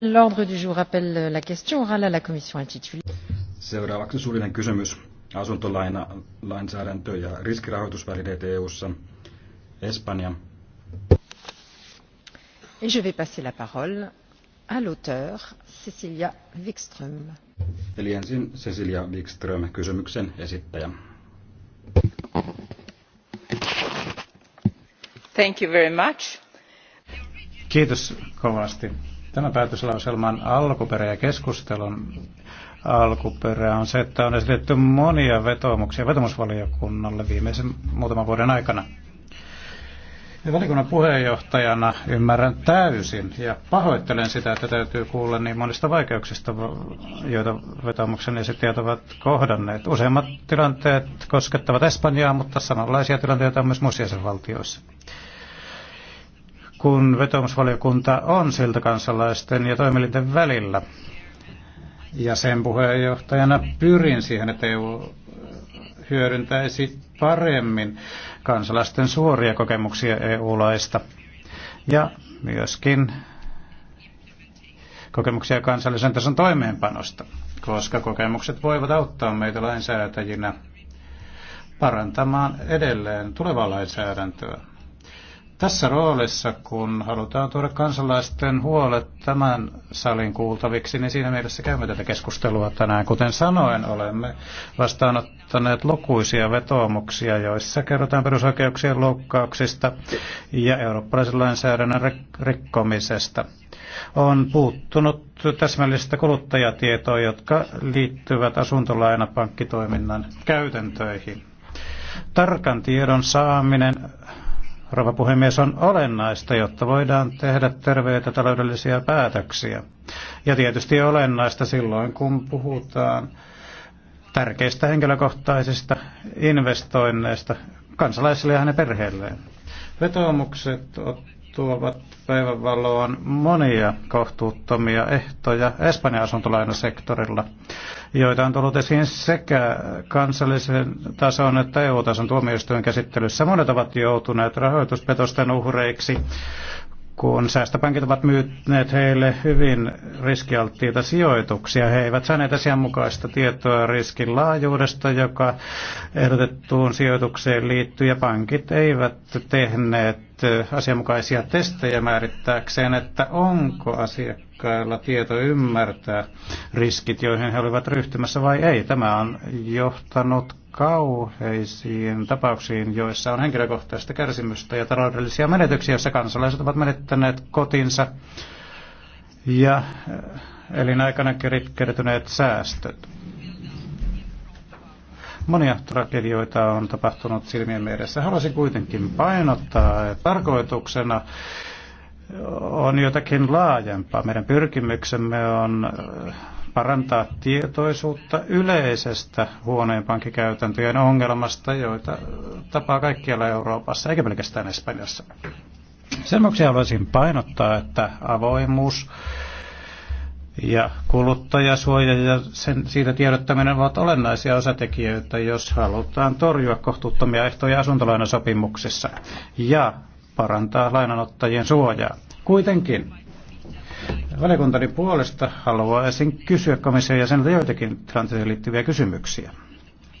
L'ordre du jour appelle la question orale à la commission intitulée. Seuraavaksi suullinen kysymys. asuntolainsäädäntö ja riskirahoitusvälineet EU-ssa. Espanja. Et je vais passer la parole à l'auteur, Cecilia Wikström. Eli ensin Cecilia Wikström, kysymyksen esittäjä. Thank you very much. Kiitos kovasti Tämän päätöslauselman alkuperä ja keskustelun alkuperä on se, että on esitetty monia vetomuksia vetomusvaliokunnalle viimeisen muutaman vuoden aikana. Ja valikunnan puheenjohtajana ymmärrän täysin ja pahoittelen sitä, että täytyy kuulla niin monista vaikeuksista, joita vetomuksen esittäjät ovat kohdanneet. Useimmat tilanteet koskettavat Espanjaa, mutta samanlaisia tilanteita on myös muissa jäsenvaltioissa kun vetomusvaliokunta on siltä kansalaisten ja toimielinten välillä. Ja sen puheenjohtajana pyrin siihen, että EU hyödyntäisi paremmin kansalaisten suoria kokemuksia EU-laista ja myöskin kokemuksia kansallisen tason toimeenpanosta, koska kokemukset voivat auttaa meitä lainsäätäjinä parantamaan edelleen tulevaa lainsäädäntöä tässä roolissa, kun halutaan tuoda kansalaisten huolet tämän salin kuultaviksi, niin siinä mielessä käymme tätä keskustelua tänään. Kuten sanoen, olemme vastaanottaneet lukuisia vetoomuksia, joissa kerrotaan perusoikeuksien loukkauksista ja eurooppalaisen lainsäädännön rikkomisesta. On puuttunut täsmällistä kuluttajatietoa, jotka liittyvät asuntolainapankkitoiminnan käytäntöihin. Tarkan tiedon saaminen rouva puhemies, on olennaista, jotta voidaan tehdä terveitä taloudellisia päätöksiä. Ja tietysti olennaista silloin, kun puhutaan tärkeistä henkilökohtaisista investoinneista kansalaisille ja hänen perheelleen. Vetoomukset tuovat päivänvaloon monia kohtuuttomia ehtoja Espanjan asuntolainasektorilla, joita on tullut esiin sekä kansallisen tason että EU-tason tuomioistuin käsittelyssä. Monet ovat joutuneet rahoituspetosten uhreiksi kun säästöpankit ovat myyneet heille hyvin riskialttiita sijoituksia. He eivät saaneet asianmukaista tietoa riskin laajuudesta, joka ehdotettuun sijoitukseen liittyy, ja pankit eivät tehneet asianmukaisia testejä määrittääkseen, että onko asiakkailla tieto ymmärtää riskit, joihin he olivat ryhtymässä vai ei. Tämä on johtanut kauheisiin tapauksiin, joissa on henkilökohtaista kärsimystä ja taloudellisia menetyksiä, joissa kansalaiset ovat menettäneet kotinsa ja eh, elinaikana kertyneet säästöt. Monia tragedioita on tapahtunut silmien edessä. Haluaisin kuitenkin painottaa, että tarkoituksena on jotakin laajempaa. Meidän pyrkimyksemme on eh, parantaa tietoisuutta yleisestä huoneenpankkikäytäntöjen ongelmasta, joita tapaa kaikkialla Euroopassa, eikä pelkästään Espanjassa. Sen vuoksi haluaisin painottaa, että avoimuus ja kuluttajasuoja ja sen, siitä tiedottaminen ovat olennaisia osatekijöitä, jos halutaan torjua kohtuuttomia ehtoja asuntolainasopimuksissa ja parantaa lainanottajien suojaa. Kuitenkin Valiokuntani puolesta haluaisin kysyä komission jäseneltä joitakin transiin liittyviä kysymyksiä.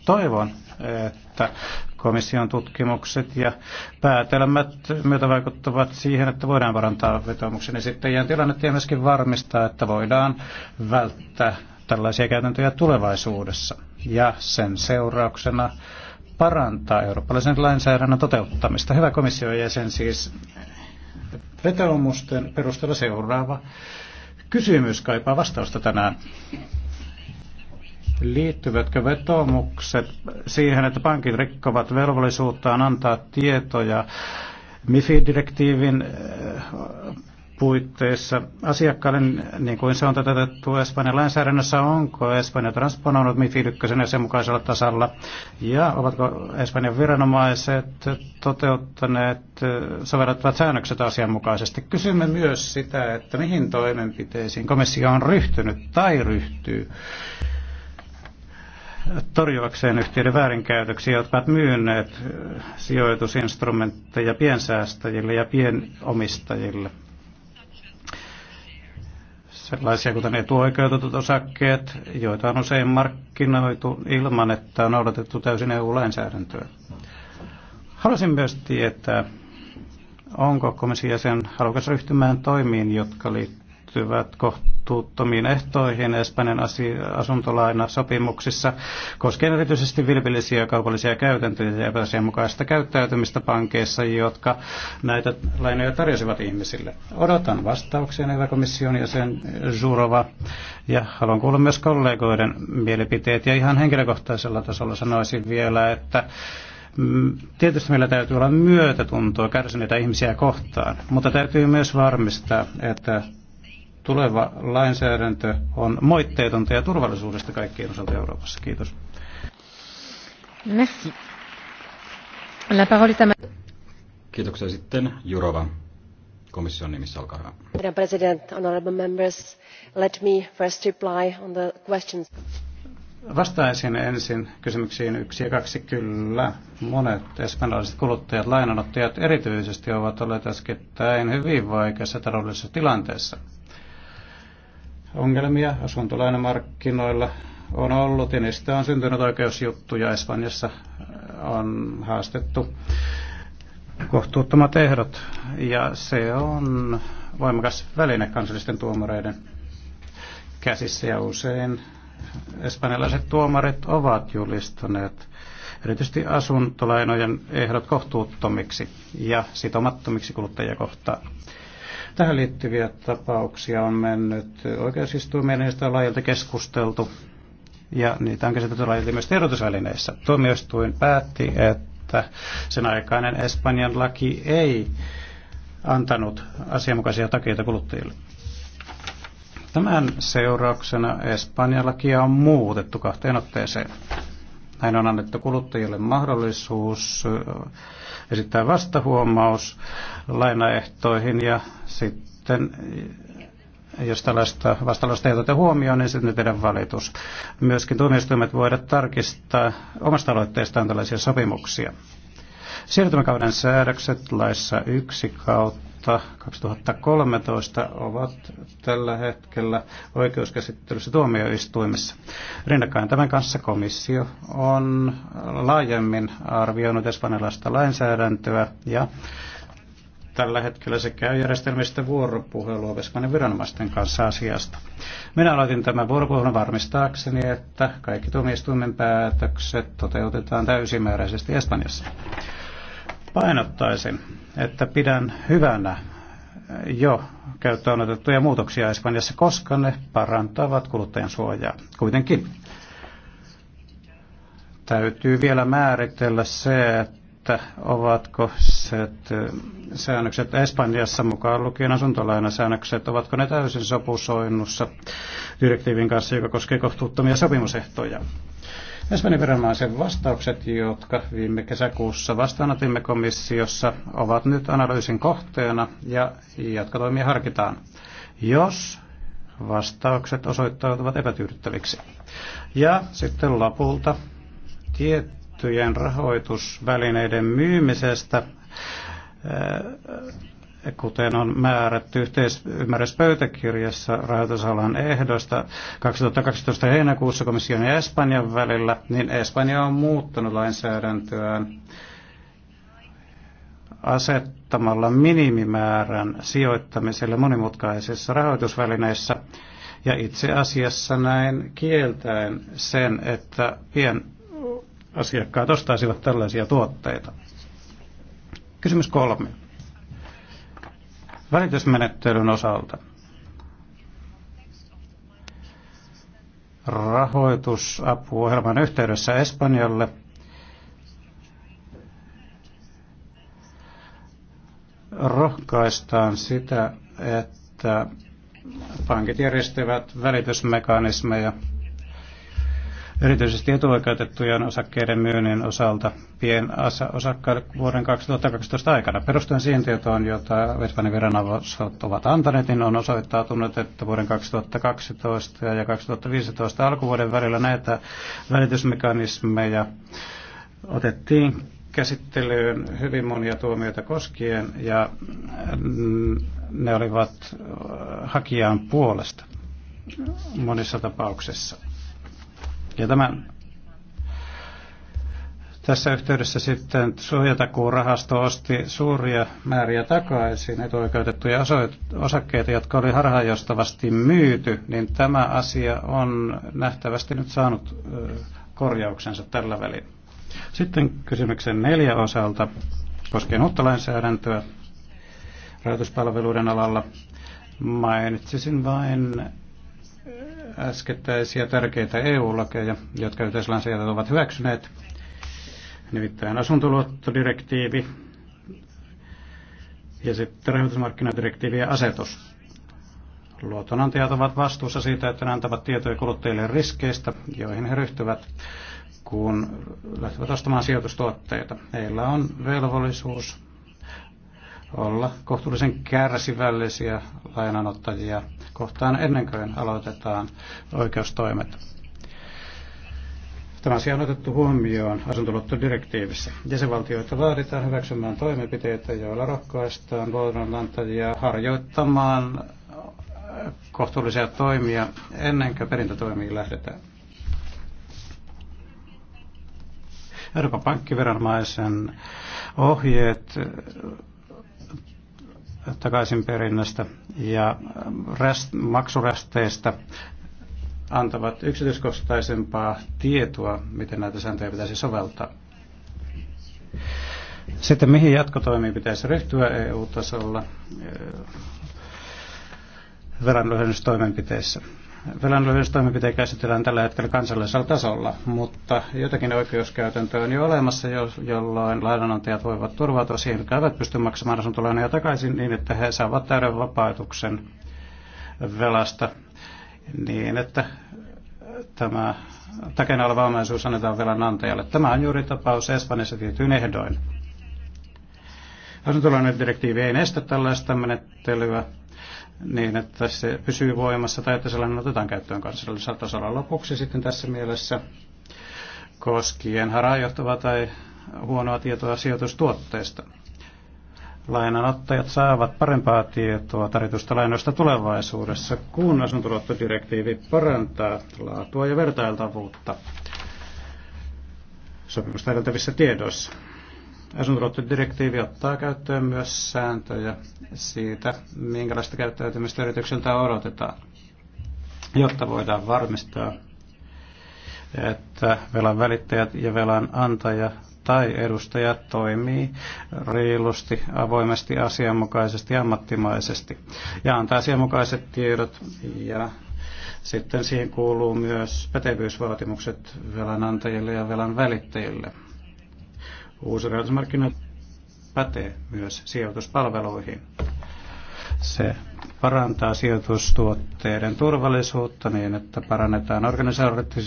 Toivon, että komission tutkimukset ja päätelmät myötä vaikuttavat siihen, että voidaan parantaa vetomuksen esittäjien tilannetta ja myöskin varmistaa, että voidaan välttää tällaisia käytäntöjä tulevaisuudessa. Ja sen seurauksena parantaa eurooppalaisen lainsäädännön toteuttamista. Hyvä komission jäsen siis vetoomusten perusteella seuraava kysymys kaipaa vastausta tänään. Liittyvätkö vetomukset siihen, että pankit rikkovat velvollisuuttaan antaa tietoja MIFI-direktiivin puitteissa asiakkaille, niin kuin se on toteutettu Espanjan lainsäädännössä, onko Espanja transponoinut MIFI 1 ja sen mukaisella tasalla, ja ovatko Espanjan viranomaiset toteuttaneet sovellettavat säännökset asianmukaisesti. Kysymme myös sitä, että mihin toimenpiteisiin komissio on ryhtynyt tai ryhtyy torjuakseen yhtiöiden väärinkäytöksiä, jotka ovat myyneet sijoitusinstrumentteja piensäästäjille ja pienomistajille sellaisia kuten etuoikeutetut osakkeet, joita on usein markkinoitu ilman, että on noudatettu täysin EU-lainsäädäntöä. Haluaisin myös tietää, onko komission jäsen halukas ryhtymään toimiin, jotka liittyvät liittyvät kohtuuttomiin ehtoihin Espanjan asuntolainasopimuksissa koskien erityisesti vilpillisiä kaupallisia käytäntöjä ja epäasianmukaista käyttäytymistä pankeissa, jotka näitä lainoja tarjosivat ihmisille. Odotan vastauksia näitä komission sen Zurova ja haluan kuulla myös kollegoiden mielipiteet ja ihan henkilökohtaisella tasolla sanoisin vielä, että mm, Tietysti meillä täytyy olla myötätuntoa kärsineitä ihmisiä kohtaan, mutta täytyy myös varmistaa, että tuleva lainsäädäntö on moitteetonta ja turvallisuudesta kaikkien osalta Euroopassa. Kiitos. Merci. La parole est Kiitoksia sitten Jurova. Komission nimissä, olkaa hyvä. Madam President, honorable members, let me first reply on the questions. Vastaisin ensin kysymyksiin yksi ja kaksi. Kyllä, monet espanjalaiset kuluttajat, lainanottajat erityisesti ovat olleet äskettäin hyvin vaikeassa taloudellisessa tilanteessa ongelmia asuntolainamarkkinoilla on ollut ja niistä on syntynyt oikeusjuttuja. Espanjassa äh, on haastettu kohtuuttomat ehdot ja se on voimakas väline kansallisten tuomareiden käsissä ja usein espanjalaiset tuomarit ovat julistaneet erityisesti asuntolainojen ehdot kohtuuttomiksi ja sitomattomiksi kuluttajia kohtaan. Tähän liittyviä tapauksia on mennyt oikeusistuimeen, niistä on keskusteltu ja niitä on käsitelty laajalti myös tiedotusvälineissä. Tuomioistuin päätti, että sen aikainen Espanjan laki ei antanut asianmukaisia takeita kuluttajille. Tämän seurauksena Espanjan lakia on muutettu kahteen otteeseen. Näin on annettu kuluttajille mahdollisuus esittää vastahuomaus lainaehtoihin ja sitten jos tällaista vastalaista ei oteta huomioon, niin sitten tehdään valitus. Myöskin tuomioistuimet voivat tarkistaa omasta aloitteestaan tällaisia sopimuksia. Siirtymäkauden säädökset laissa 1 kautta 2013 ovat tällä hetkellä oikeuskäsittelyssä tuomioistuimessa. Rinnakkain tämän kanssa komissio on laajemmin arvioinut espanjalaista lainsäädäntöä ja tällä hetkellä se käy järjestelmistä vuoropuhelua Vesmanin viranomaisten kanssa asiasta. Minä aloitin tämän vuoropuhelun varmistaakseni, että kaikki tuomioistuimen päätökset toteutetaan täysimääräisesti Espanjassa. Painottaisin, että pidän hyvänä jo käyttöön otettuja muutoksia Espanjassa, koska ne parantavat kuluttajan suojaa. Kuitenkin täytyy vielä määritellä se, että ovatko set, säännökset Espanjassa mukaan lukien asuntolainasäännökset, ovatko ne täysin sopusoinnussa direktiivin kanssa, joka koskee kohtuuttomia sopimusehtoja. Ensimmäinen viranomaisen vastaukset, jotka viime kesäkuussa vastaanotimme komissiossa, ovat nyt analyysin kohteena ja jatkotoimia harkitaan, jos vastaukset osoittautuvat epätyydyttäviksi. Ja sitten lopulta tiettyjen rahoitusvälineiden myymisestä kuten on määrätty yhteisymmärryspöytäkirjassa rahoitusalan ehdoista 2012 heinäkuussa komission ja Espanjan välillä, niin Espanja on muuttanut lainsäädäntöään asettamalla minimimäärän sijoittamiselle monimutkaisissa rahoitusvälineissä ja itse asiassa näin kieltäen sen, että pien asiakkaat ostaisivat tällaisia tuotteita. Kysymys kolme välitysmenettelyn osalta. Rahoitusapuohjelman yhteydessä Espanjalle rohkaistaan sitä, että pankit järjestävät välitysmekanismeja Erityisesti etuoikeutettujen osakkeiden myynnin osalta pien pienasakkaat vuoden 2012 aikana. Perustuen siihen tietoon, jota Vespanin viranomaiset ovat antaneet, niin on osoittautunut, että vuoden 2012 ja 2015 alkuvuoden välillä näitä välitysmekanismeja otettiin käsittelyyn hyvin monia tuomioita koskien ja ne olivat hakijan puolesta monissa tapauksissa. Ja tämän tässä yhteydessä sitten suojatakuurahasto osti suuria määriä takaisin etuoikeutettuja osakkeita, jotka oli harhaanjohtavasti myyty, niin tämä asia on nähtävästi nyt saanut korjauksensa tällä välin. Sitten kysymyksen neljä osalta koskien uutta lainsäädäntöä rahoituspalveluiden alalla mainitsisin vain äskettäisiä tärkeitä EU-lakeja, jotka yhteislainsäädäntöt ovat hyväksyneet, nimittäin asuntoluottodirektiivi ja sitten rahoitusmarkkinadirektiivi ja asetus. Luotonantajat ovat vastuussa siitä, että ne antavat tietoja kuluttajille riskeistä, joihin he ryhtyvät, kun lähtevät ostamaan sijoitustuotteita. Heillä on velvollisuus olla kohtuullisen kärsivällisiä lainanottajia kohtaan ennen kuin aloitetaan oikeustoimet. Tämä asia on otettu huomioon asuntoluottodirektiivissä. Jäsenvaltioita vaaditaan hyväksymään toimenpiteitä, joilla rohkaistaan luotonantajia harjoittamaan kohtuullisia toimia ennen kuin perintätoimiin lähdetään. Euroopan pankkiviranomaisen ohjeet takaisinperinnästä ja rest, maksurästeistä antavat yksityiskohtaisempaa tietoa, miten näitä sääntöjä pitäisi soveltaa. Sitten mihin jatkotoimiin pitäisi ryhtyä EU-tasolla eh, veranlyhennystoimenpiteissä? Velan lyhystoimenpiteen käsitellään tällä hetkellä kansallisella tasolla, mutta jotakin oikeuskäytäntöä on jo olemassa, jolloin lainanantajat voivat turvautua siihen, että eivät pysty maksamaan asuntolainoja takaisin niin, että he saavat täyden vapautuksen velasta niin, että tämä takana oleva omaisuus annetaan velanantajalle, Tämä on juuri tapaus Espanjassa tietyin ehdoin. Asuntolainodirektiivi direktiivi ei estä tällaista menettelyä, niin, että se pysyy voimassa tai että sellainen otetaan käyttöön kansallisella tasolla lopuksi sitten tässä mielessä koskien harajohtavaa tai huonoa tietoa sijoitustuotteista. Lainanottajat saavat parempaa tietoa tarjotusta lainoista tulevaisuudessa, kun asuntoluottodirektiivi parantaa laatua ja vertailtavuutta sopimusta edeltävissä tiedoissa. Asuntoluottodirektiivi ottaa käyttöön myös sääntöjä siitä, minkälaista käyttäytymistä yritykseltä odotetaan, jotta voidaan varmistaa, että velan välittäjät ja velan antaja tai edustaja toimii reilusti, avoimesti, asianmukaisesti ja ammattimaisesti ja antaa asianmukaiset tiedot ja sitten siihen kuuluu myös pätevyysvaatimukset velanantajille ja velan välittäjille. Uusi rahoitusmarkkina pätee myös sijoituspalveluihin. Se parantaa sijoitustuotteiden turvallisuutta niin, että parannetaan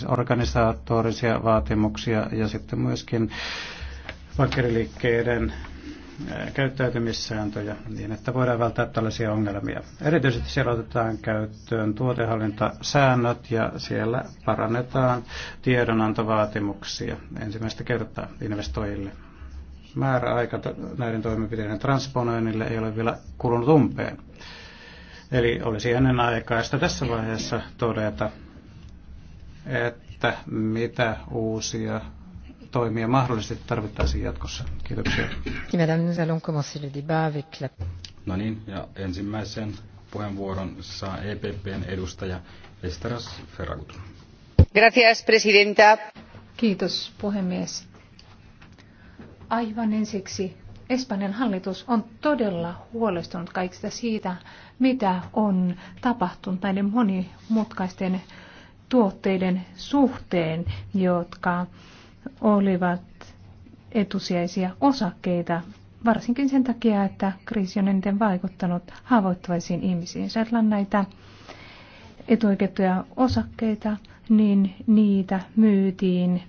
organisatorisia vaatimuksia ja sitten myöskin pankkiriliikkeiden käyttäytymissääntöjä niin, että voidaan välttää tällaisia ongelmia. Erityisesti siellä otetaan käyttöön tuotehallintasäännöt ja siellä parannetaan tiedonantovaatimuksia ensimmäistä kertaa investoijille. Määräaika näiden toimenpiteiden transponoinnille ei ole vielä kulunut umpeen. Eli olisi ennen aikaista tässä vaiheessa todeta, että mitä uusia toimia mahdollisesti tarvittaisiin jatkossa. Kiitoksia. No niin, ja ensimmäisen puheenvuoron saa EPPn edustaja Esteras Ferragut. Gracias, presidenta. Kiitos, puhemies. Aivan ensiksi Espanjan hallitus on todella huolestunut kaikista siitä, mitä on tapahtunut näiden monimutkaisten tuotteiden suhteen, jotka olivat etusijaisia osakkeita, varsinkin sen takia, että kriisi on eniten vaikuttanut haavoittuvaisiin ihmisiin. Jos näitä etuoikeutettuja osakkeita, niin niitä myytiin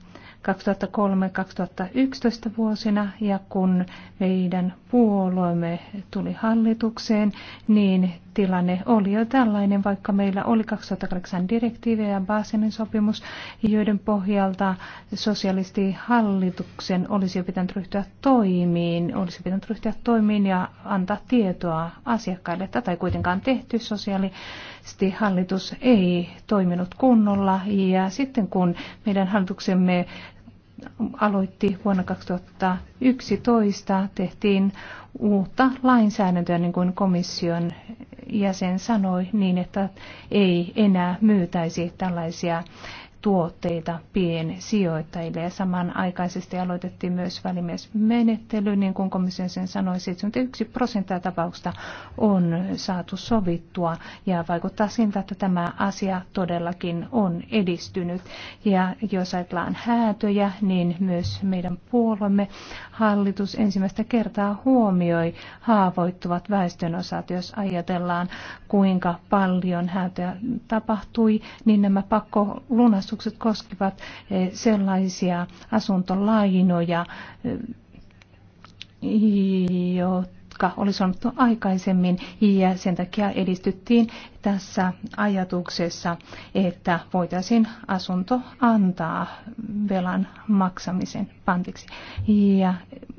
2003-2011 vuosina ja kun meidän puolueemme tuli hallitukseen, niin tilanne oli jo tällainen, vaikka meillä oli 2008 direktiivejä, ja Baselin sopimus, joiden pohjalta sosialistihallituksen olisi jo pitänyt ryhtyä toimiin, olisi pitänyt ryhtyä toimiin ja antaa tietoa asiakkaille. Tätä ei kuitenkaan tehty, sosialistihallitus ei toiminut kunnolla ja sitten kun meidän hallituksemme aloitti vuonna 2011, tehtiin uutta lainsäädäntöä, niin kuin komission jäsen sanoi, niin että ei enää myytäisi tällaisia tuotteita piensijoittajille. Ja samanaikaisesti aloitettiin myös välimiesmenettely, niin kuin komission sen sanoi, 71 prosenttia tapauksista on saatu sovittua ja vaikuttaa siltä, että tämä asia todellakin on edistynyt. Ja jos ajatellaan häätöjä, niin myös meidän puolueemme hallitus ensimmäistä kertaa huomioi haavoittuvat väestönosat. Jos ajatellaan, kuinka paljon häätöjä tapahtui, niin nämä pakko lunastuvat tarkastukset koskivat eh, sellaisia asuntolainoja, eh, jotka oli sanottu aikaisemmin ja sen takia edistyttiin tässä ajatuksessa, että voitaisiin asunto antaa velan maksamisen pantiksi. Ja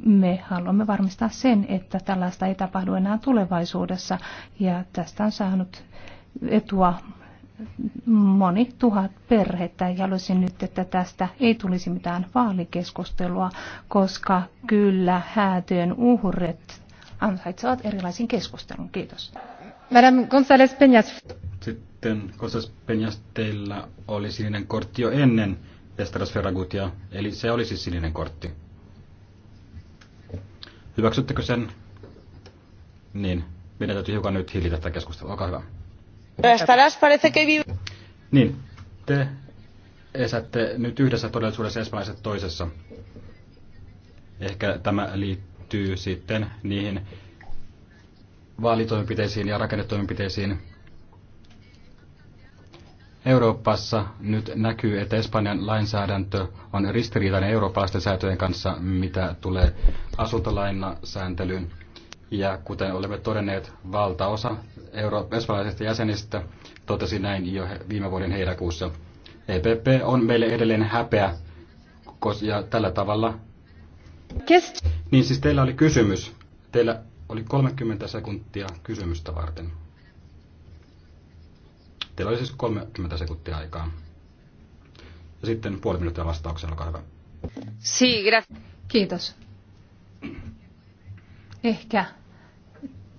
me haluamme varmistaa sen, että tällaista ei tapahdu enää tulevaisuudessa ja tästä on saanut etua moni tuhat perhettä ja haluaisin nyt, että tästä ei tulisi mitään vaalikeskustelua, koska kyllä häätyön uhret ansaitsevat erilaisen keskustelun. Kiitos. Madame González Peñas. Sitten González Peñas, teillä oli sininen kortti jo ennen Estras Ferragutia, eli se oli siis sininen kortti. Hyväksyttekö sen? Niin, meidän täytyy hiukan nyt hillitä tätä keskustelua. Olkaa hyvä. Niin, te esätte nyt yhdessä todellisuudessa espanjalaiset toisessa. Ehkä tämä liittyy sitten niihin vaalitoimenpiteisiin ja rakennetoimenpiteisiin. Euroopassa nyt näkyy, että Espanjan lainsäädäntö on ristiriitainen eurooppalaisten säätöjen kanssa, mitä tulee asuntolainasääntelyyn. Ja kuten olemme todenneet, valtaosa eurooppalaisista jäsenistä totesi näin jo viime vuoden heinäkuussa. EPP on meille edelleen häpeä, ja tällä tavalla... Kest. Niin siis teillä oli kysymys. Teillä oli 30 sekuntia kysymystä varten. Teillä oli siis 30 sekuntia aikaa. Ja sitten puoli minuuttia vastauksen, olkaa hyvä. Kiitos. Ehkä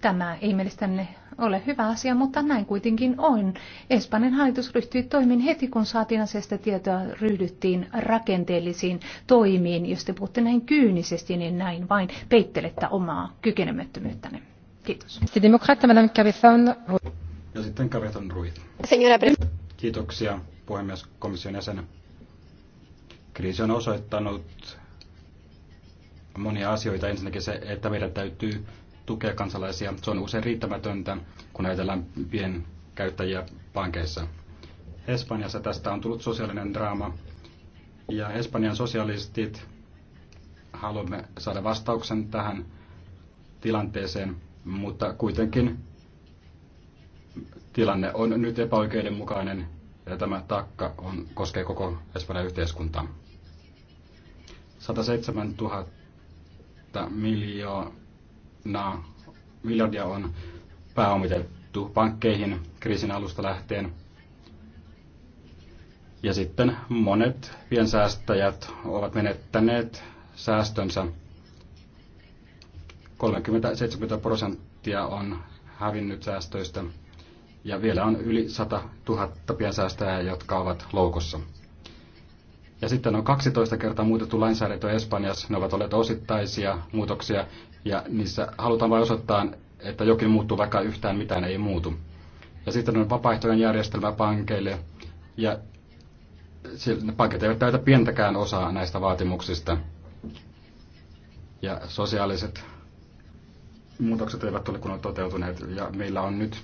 Tämä ei mielestäni ole hyvä asia, mutta näin kuitenkin on. Espanjan hallitus ryhtyi toimiin heti, kun saatiin asiasta tietoa, ryhdyttiin rakenteellisiin toimiin. Jos te puhutte näin kyynisesti, niin näin vain peittelette omaa kykenemättömyyttänne. Kiitos. Ja sitten Cabezon Ruiz. Kiitoksia puhemies komission jäsenä. Kriisi on osoittanut monia asioita. Ensinnäkin se, että meidän täytyy tukea kansalaisia. Se on usein riittämätöntä, kun ajatellaan pienkäyttäjiä pankeissa. Espanjassa tästä on tullut sosiaalinen draama, ja Espanjan sosialistit haluamme saada vastauksen tähän tilanteeseen, mutta kuitenkin tilanne on nyt epäoikeudenmukainen ja tämä takka on, koskee koko Espanjan yhteiskuntaa. 107 000 miljoonaa miljardia on pääomitettu pankkeihin kriisin alusta lähtien. Ja sitten monet piensäästäjät ovat menettäneet säästönsä. 30-70 prosenttia on hävinnyt säästöistä ja vielä on yli 100 000 piensäästäjää, jotka ovat loukossa. Ja sitten on 12 kertaa muutettu lainsäädäntö Espanjassa. Ne ovat olleet osittaisia muutoksia, ja niissä halutaan vain osoittaa, että jokin muuttuu, vaikka yhtään mitään ei muutu. Ja sitten on vapaaehtoinen järjestelmä pankeille, ja pankit eivät täytä pientäkään osaa näistä vaatimuksista. Ja sosiaaliset muutokset eivät ole kunnolla toteutuneet, ja meillä on nyt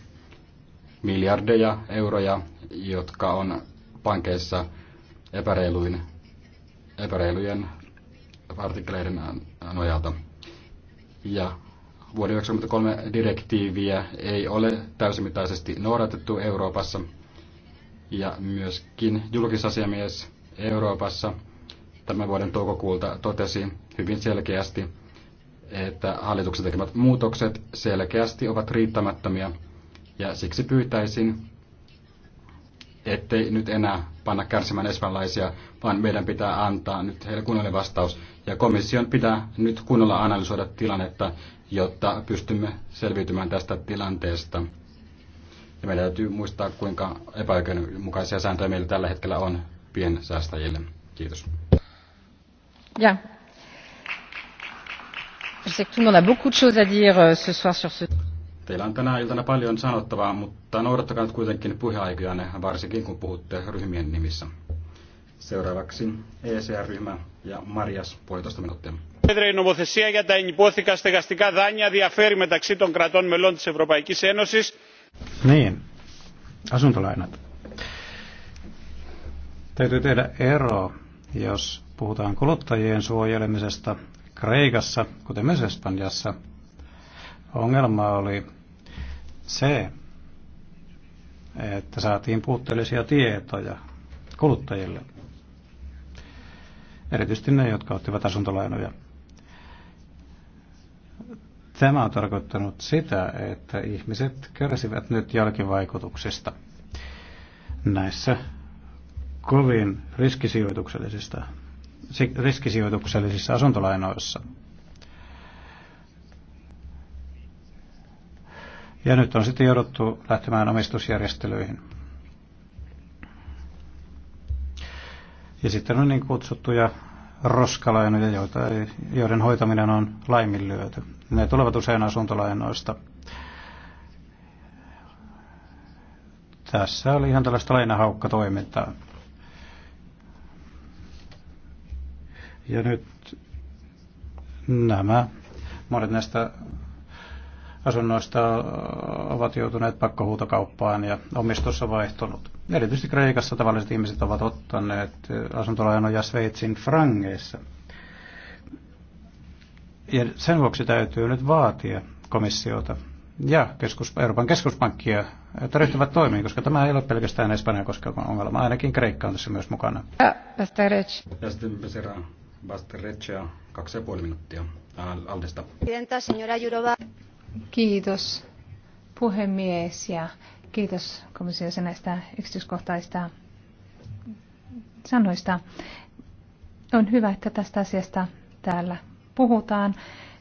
miljardeja euroja, jotka on pankeissa epäreiluin, epäreilujen artikkeleiden nojalta ja vuoden 1993 direktiiviä ei ole täysimittaisesti noudatettu Euroopassa ja myöskin julkisasiamies Euroopassa tämän vuoden toukokuulta totesi hyvin selkeästi, että hallituksen tekemät muutokset selkeästi ovat riittämättömiä ja siksi pyytäisin, ettei nyt enää panna kärsimään espanjalaisia, vaan meidän pitää antaa nyt heille kunnollinen vastaus. Ja komission pitää nyt kunnolla analysoida tilannetta, jotta pystymme selviytymään tästä tilanteesta. Ja meidän täytyy muistaa, kuinka epäoikeudenmukaisia sääntöjä meillä tällä hetkellä on piensäästäjille. Kiitos. Ja. Je sais que tout le monde a beaucoup de choses à dire euh, ce soir sur ce... Teillä on tänä iltana paljon sanottavaa, mutta noudattakaa nyt kuitenkin puheaikojanne, varsinkin kun puhutte ryhmien nimissä. Seuraavaksi ECR-ryhmä ja Marias puolitoista minuuttia. Η νομοθεσία για τα ενυπόθηκα στεγαστικά δάνεια διαφέρει μεταξύ των κρατών μελών της Ευρωπαϊκής Ένωσης. Niin, asuntolainat. Täytyy tehdä ero, jos puhutaan kuluttajien suojelemisesta Kreikassa, kuten myös Espanjassa. Ongelma oli se, että saatiin puutteellisia tietoja kuluttajille, erityisesti ne, jotka ottivat asuntolainoja. Tämä on tarkoittanut sitä, että ihmiset kärsivät nyt jälkivaikutuksista näissä kovin riskisijoituksellisista, riskisijoituksellisissa asuntolainoissa. Ja nyt on sitten jouduttu lähtemään omistusjärjestelyihin. Ja sitten on niin kutsuttuja roskalainoja, joita joiden hoitaminen on laiminlyöty. Ne tulevat usein asuntolainoista. Tässä oli ihan tällaista lainahaukkatoimintaa. Ja nyt nämä monet näistä asunnoista ovat joutuneet pakkohuutokauppaan ja omistus on vaihtunut. Erityisesti Kreikassa tavalliset ihmiset ovat ottaneet asuntolainoja Sveitsin frangeissa. Ja sen vuoksi täytyy nyt vaatia komissiota ja keskus, Euroopan keskuspankkia, että ryhtyvät toimiin, koska tämä ei ole pelkästään Espanjan koskeva ongelma. Ainakin Kreikka on tässä myös mukana. Ja sitten Besera Bastereccia, kaksi ja puoli minuuttia Aldesta. Kiitos puhemies ja kiitos komissiossa näistä yksityiskohtaista sanoista. On hyvä, että tästä asiasta täällä puhutaan.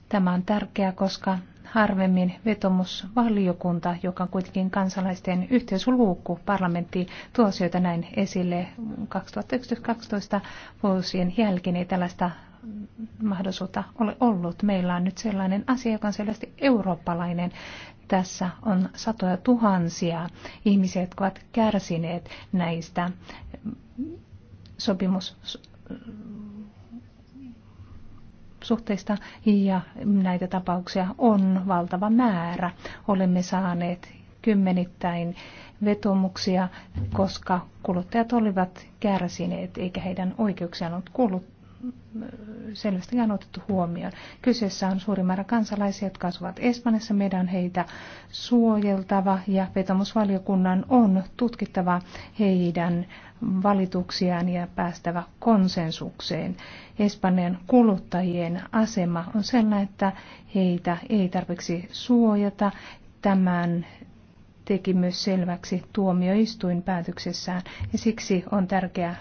Tämä on tärkeää, koska harvemmin vetomusvaliokunta, joka on kuitenkin kansalaisten yhteisluukku parlamentti, tuo näin esille 2011-2012 vuosien jälkeen. Ei tällaista mahdollisuutta ole ollut. Meillä on nyt sellainen asia, joka on selvästi eurooppalainen. Tässä on satoja tuhansia ihmisiä, jotka ovat kärsineet näistä sopimus suhteista ja näitä tapauksia on valtava määrä. Olemme saaneet kymmenittäin vetomuksia, koska kuluttajat olivat kärsineet eikä heidän oikeuksiaan ollut selvästikään otettu huomioon. Kyseessä on suuri määrä kansalaisia, jotka asuvat Espanjassa. Meidän on heitä suojeltava ja vetomusvaliokunnan on tutkittava heidän valituksiaan ja päästävä konsensukseen. Espanjan kuluttajien asema on sellainen, että heitä ei tarvitse suojata. Tämän teki myös selväksi tuomioistuin päätöksessään ja siksi on tärkeää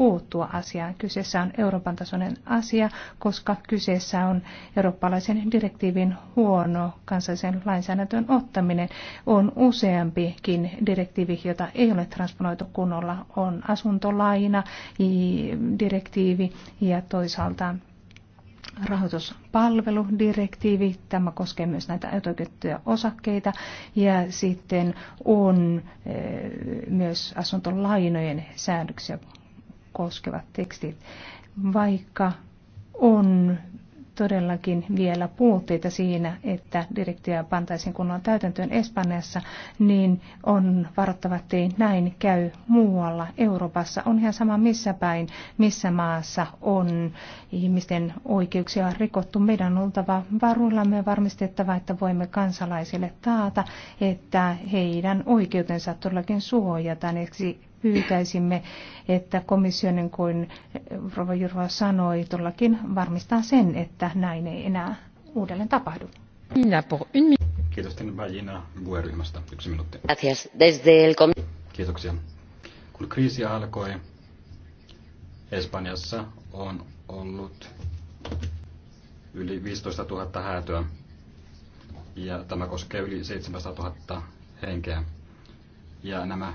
puuttua asiaan. Kyseessä on Euroopan tasoinen asia, koska kyseessä on eurooppalaisen direktiivin huono kansallisen lainsäädäntöön ottaminen. On useampikin direktiivi, jota ei ole transponoitu kunnolla. On asuntolaina, direktiivi ja toisaalta rahoituspalveludirektiivi, tämä koskee myös näitä etuoikeutettuja osakkeita, ja sitten on eh, myös asuntolainojen säädöksiä koskevat tekstit, vaikka on todellakin vielä puutteita siinä, että direktiä pantaisiin kunnolla täytäntöön Espanjassa, niin on varottava, ettei näin käy muualla Euroopassa. On ihan sama missä päin, missä maassa on ihmisten oikeuksia rikottu. Meidän on oltava varuillamme ja varmistettava, että voimme kansalaisille taata, että heidän oikeutensa todellakin suojataan pyytäisimme, että komissio, niin kuin Rova Jurva sanoi, todellakin varmistaa sen, että näin ei enää uudelleen tapahdu. Kiitos tänne Vajina GUE-ryhmästä. Yksi minuutti. Kiitoksia. Kun kriisi alkoi, Espanjassa on ollut yli 15 000 häätöä ja tämä koskee yli 700 000 henkeä. Ja nämä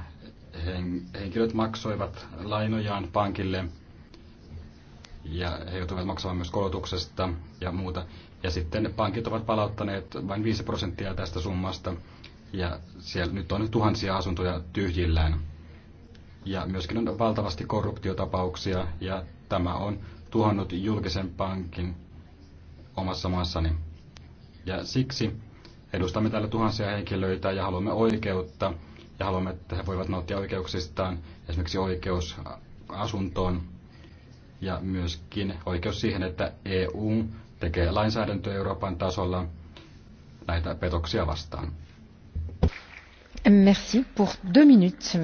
henkilöt maksoivat lainojaan pankille ja he joutuvat maksamaan myös koulutuksesta ja muuta. Ja sitten pankit ovat palauttaneet vain 5 prosenttia tästä summasta ja siellä nyt on tuhansia asuntoja tyhjillään. Ja myöskin on valtavasti korruptiotapauksia ja tämä on tuhannut julkisen pankin omassa maassani. Ja siksi edustamme täällä tuhansia henkilöitä ja haluamme oikeutta ja haluamme, että he voivat nauttia oikeuksistaan, esimerkiksi oikeus asuntoon ja myöskin oikeus siihen, että EU tekee lainsäädäntöä Euroopan tasolla näitä petoksia vastaan. Merci pour deux minutes.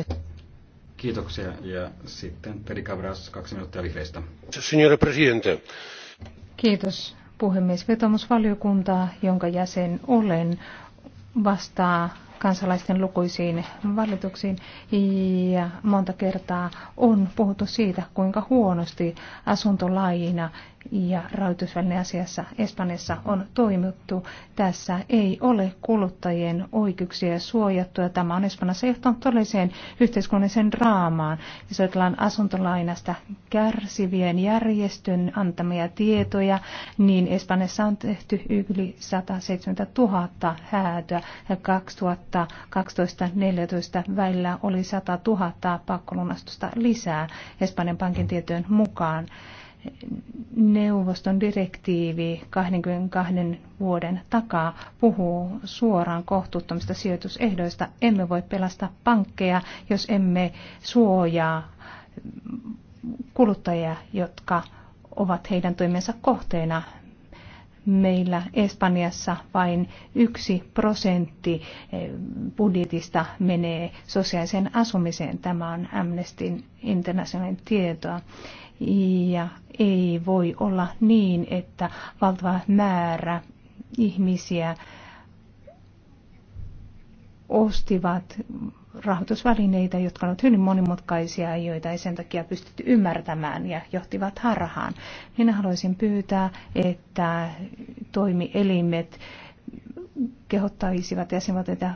Kiitoksia ja sitten Peri Cabras, kaksi minuuttia vihreistä. Signore Presidente. Kiitos puhemies. Vetomusvaliokunta, jonka jäsen olen, vastaa kansalaisten lukuisiin valituksiin ja monta kertaa on puhuttu siitä, kuinka huonosti asuntolaina ja rahoitusvälineasiassa Espanjassa on toimittu. Tässä ei ole kuluttajien oikeuksia suojattu ja tämä on Espanjassa johtanut todelliseen yhteiskunnalliseen draamaan. Jos ajatellaan asuntolainasta kärsivien järjestön antamia tietoja, niin Espanjassa on tehty yli 170 000 häätöä ja 2000 2012-2014 välillä oli 100 000 pakkolunastusta lisää Espanjan pankin tietojen mukaan. Neuvoston direktiivi 22 vuoden takaa puhuu suoraan kohtuuttomista sijoitusehdoista. Emme voi pelastaa pankkeja, jos emme suojaa kuluttajia, jotka ovat heidän toimensa kohteena meillä Espanjassa vain yksi prosentti eh, budjetista menee sosiaaliseen asumiseen. Tämä on Amnesty Internationalin tietoa. Ja ei voi olla niin, että valtava määrä ihmisiä ostivat rahoitusvälineitä, jotka ovat hyvin monimutkaisia, joita ei sen takia pystytty ymmärtämään ja johtivat harhaan. Minä haluaisin pyytää, että toimielimet kehottaisivat jäsenvaltioita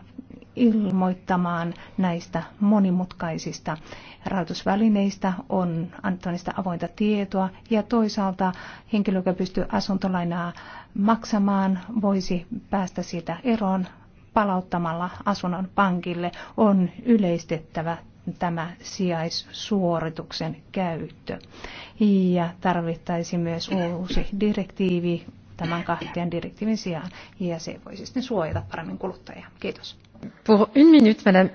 ilmoittamaan näistä monimutkaisista rahoitusvälineistä, on antamista avointa tietoa ja toisaalta henkilö, joka pystyy asuntolainaa maksamaan, voisi päästä siitä eroon palauttamalla asunnon pankille on yleistettävä tämä sijaissuorituksen käyttö. Ja tarvittaisiin myös uusi direktiivi tämän kahden direktiivin sijaan, ja se voisi sitten suojata paremmin kuluttajia. Kiitos. Pour une minute, madame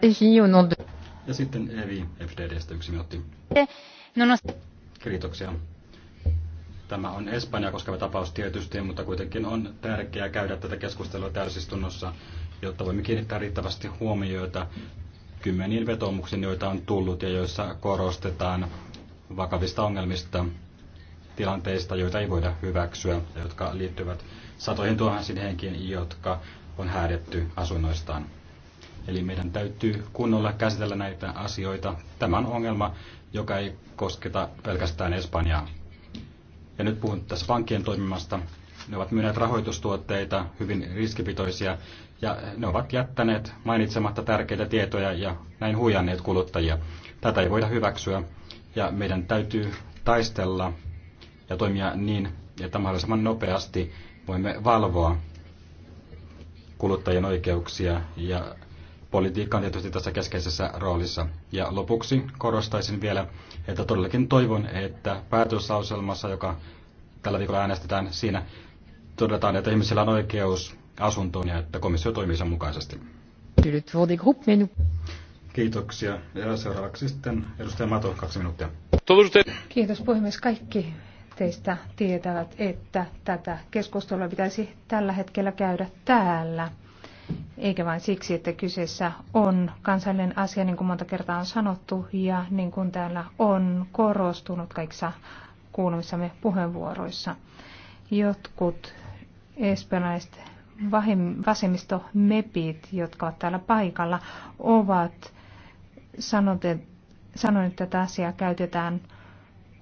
de... Ja sitten Evi, FDDstä yksi minuutti. No, no. Kiitoksia. Tämä on Espanja koskeva tapaus tietysti, mutta kuitenkin on tärkeää käydä tätä keskustelua täysistunnossa, jotta voimme kiinnittää riittävästi huomioita kymmeniin vetomuksiin, joita on tullut ja joissa korostetaan vakavista ongelmista, tilanteista, joita ei voida hyväksyä, jotka liittyvät satoihin tuhansiin henkiin, jotka on häädetty asunnoistaan. Eli meidän täytyy kunnolla käsitellä näitä asioita. Tämä on ongelma, joka ei kosketa pelkästään Espanjaa. Ja nyt puhun tässä pankkien toimimasta. Ne ovat myyneet rahoitustuotteita, hyvin riskipitoisia, ja ne ovat jättäneet mainitsematta tärkeitä tietoja ja näin huijanneet kuluttajia. Tätä ei voida hyväksyä ja meidän täytyy taistella ja toimia niin, että mahdollisimman nopeasti voimme valvoa kuluttajien oikeuksia ja politiikka on tietysti tässä keskeisessä roolissa. Ja lopuksi korostaisin vielä, että todellakin toivon, että päätöslauselmassa, joka tällä viikolla äänestetään, siinä todetaan, että ihmisillä on oikeus asuntoon ja että komissio toimii sen mukaisesti. Kiitoksia. Ja seuraavaksi sitten edustaja Mato, kaksi minuuttia. Kiitos puhemies. Kaikki teistä tietävät, että tätä keskustelua pitäisi tällä hetkellä käydä täällä. Eikä vain siksi, että kyseessä on kansallinen asia, niin kuin monta kertaa on sanottu, ja niin kuin täällä on korostunut kaikissa kuulumissamme puheenvuoroissa. Jotkut espanjalaiset vasemmisto mepit, jotka ovat täällä paikalla, ovat sanoneet, että tätä asiaa käytetään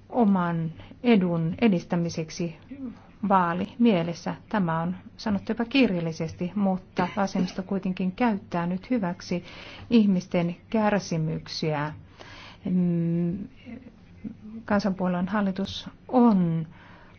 oman edun edistämiseksi vaali mielessä. Tämä on sanottu jopa kirjallisesti, mutta vasemmisto kuitenkin käyttää nyt hyväksi ihmisten kärsimyksiä. Kansanpuolueen hallitus on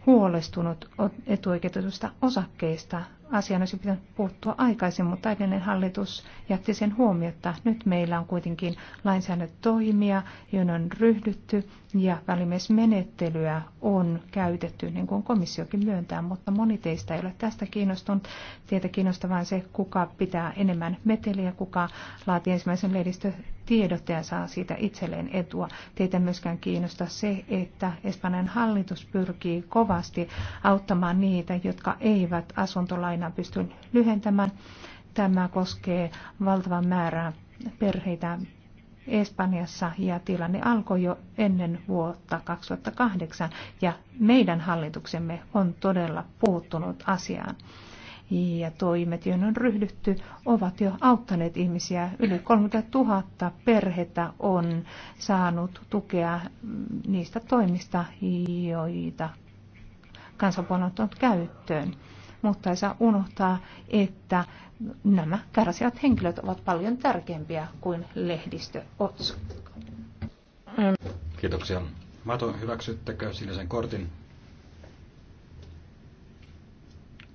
huolestunut etuoikeutetusta osakkeista asiaan olisi pitänyt puuttua aikaisin, mutta edellinen hallitus jätti sen huomiota. Nyt meillä on kuitenkin lainsäädäntötoimia, joihin on ryhdytty ja välimiesmenettelyä on käytetty, niin kuin komissiokin myöntää, mutta moni teistä ei ole tästä kiinnostunut. Tietä kiinnostavaa se, kuka pitää enemmän meteliä, kuka laatii ensimmäisen lehdistö tiedottaja saa siitä itselleen etua. Teitä myöskään kiinnosta se, että Espanjan hallitus pyrkii kovasti auttamaan niitä, jotka eivät asuntolainaa pysty lyhentämään. Tämä koskee valtavan määrää perheitä Espanjassa ja tilanne alkoi jo ennen vuotta 2008 ja meidän hallituksemme on todella puuttunut asiaan ja toimet, joihin on ryhdytty, ovat jo auttaneet ihmisiä. Yli 30 000 perhettä on saanut tukea niistä toimista, joita kansanpuolue on käyttöön. Mutta ei saa unohtaa, että nämä kärsivät henkilöt ovat paljon tärkeämpiä kuin lehdistöotsikko. Kiitoksia. Mato, hyväksyttekö sinisen kortin?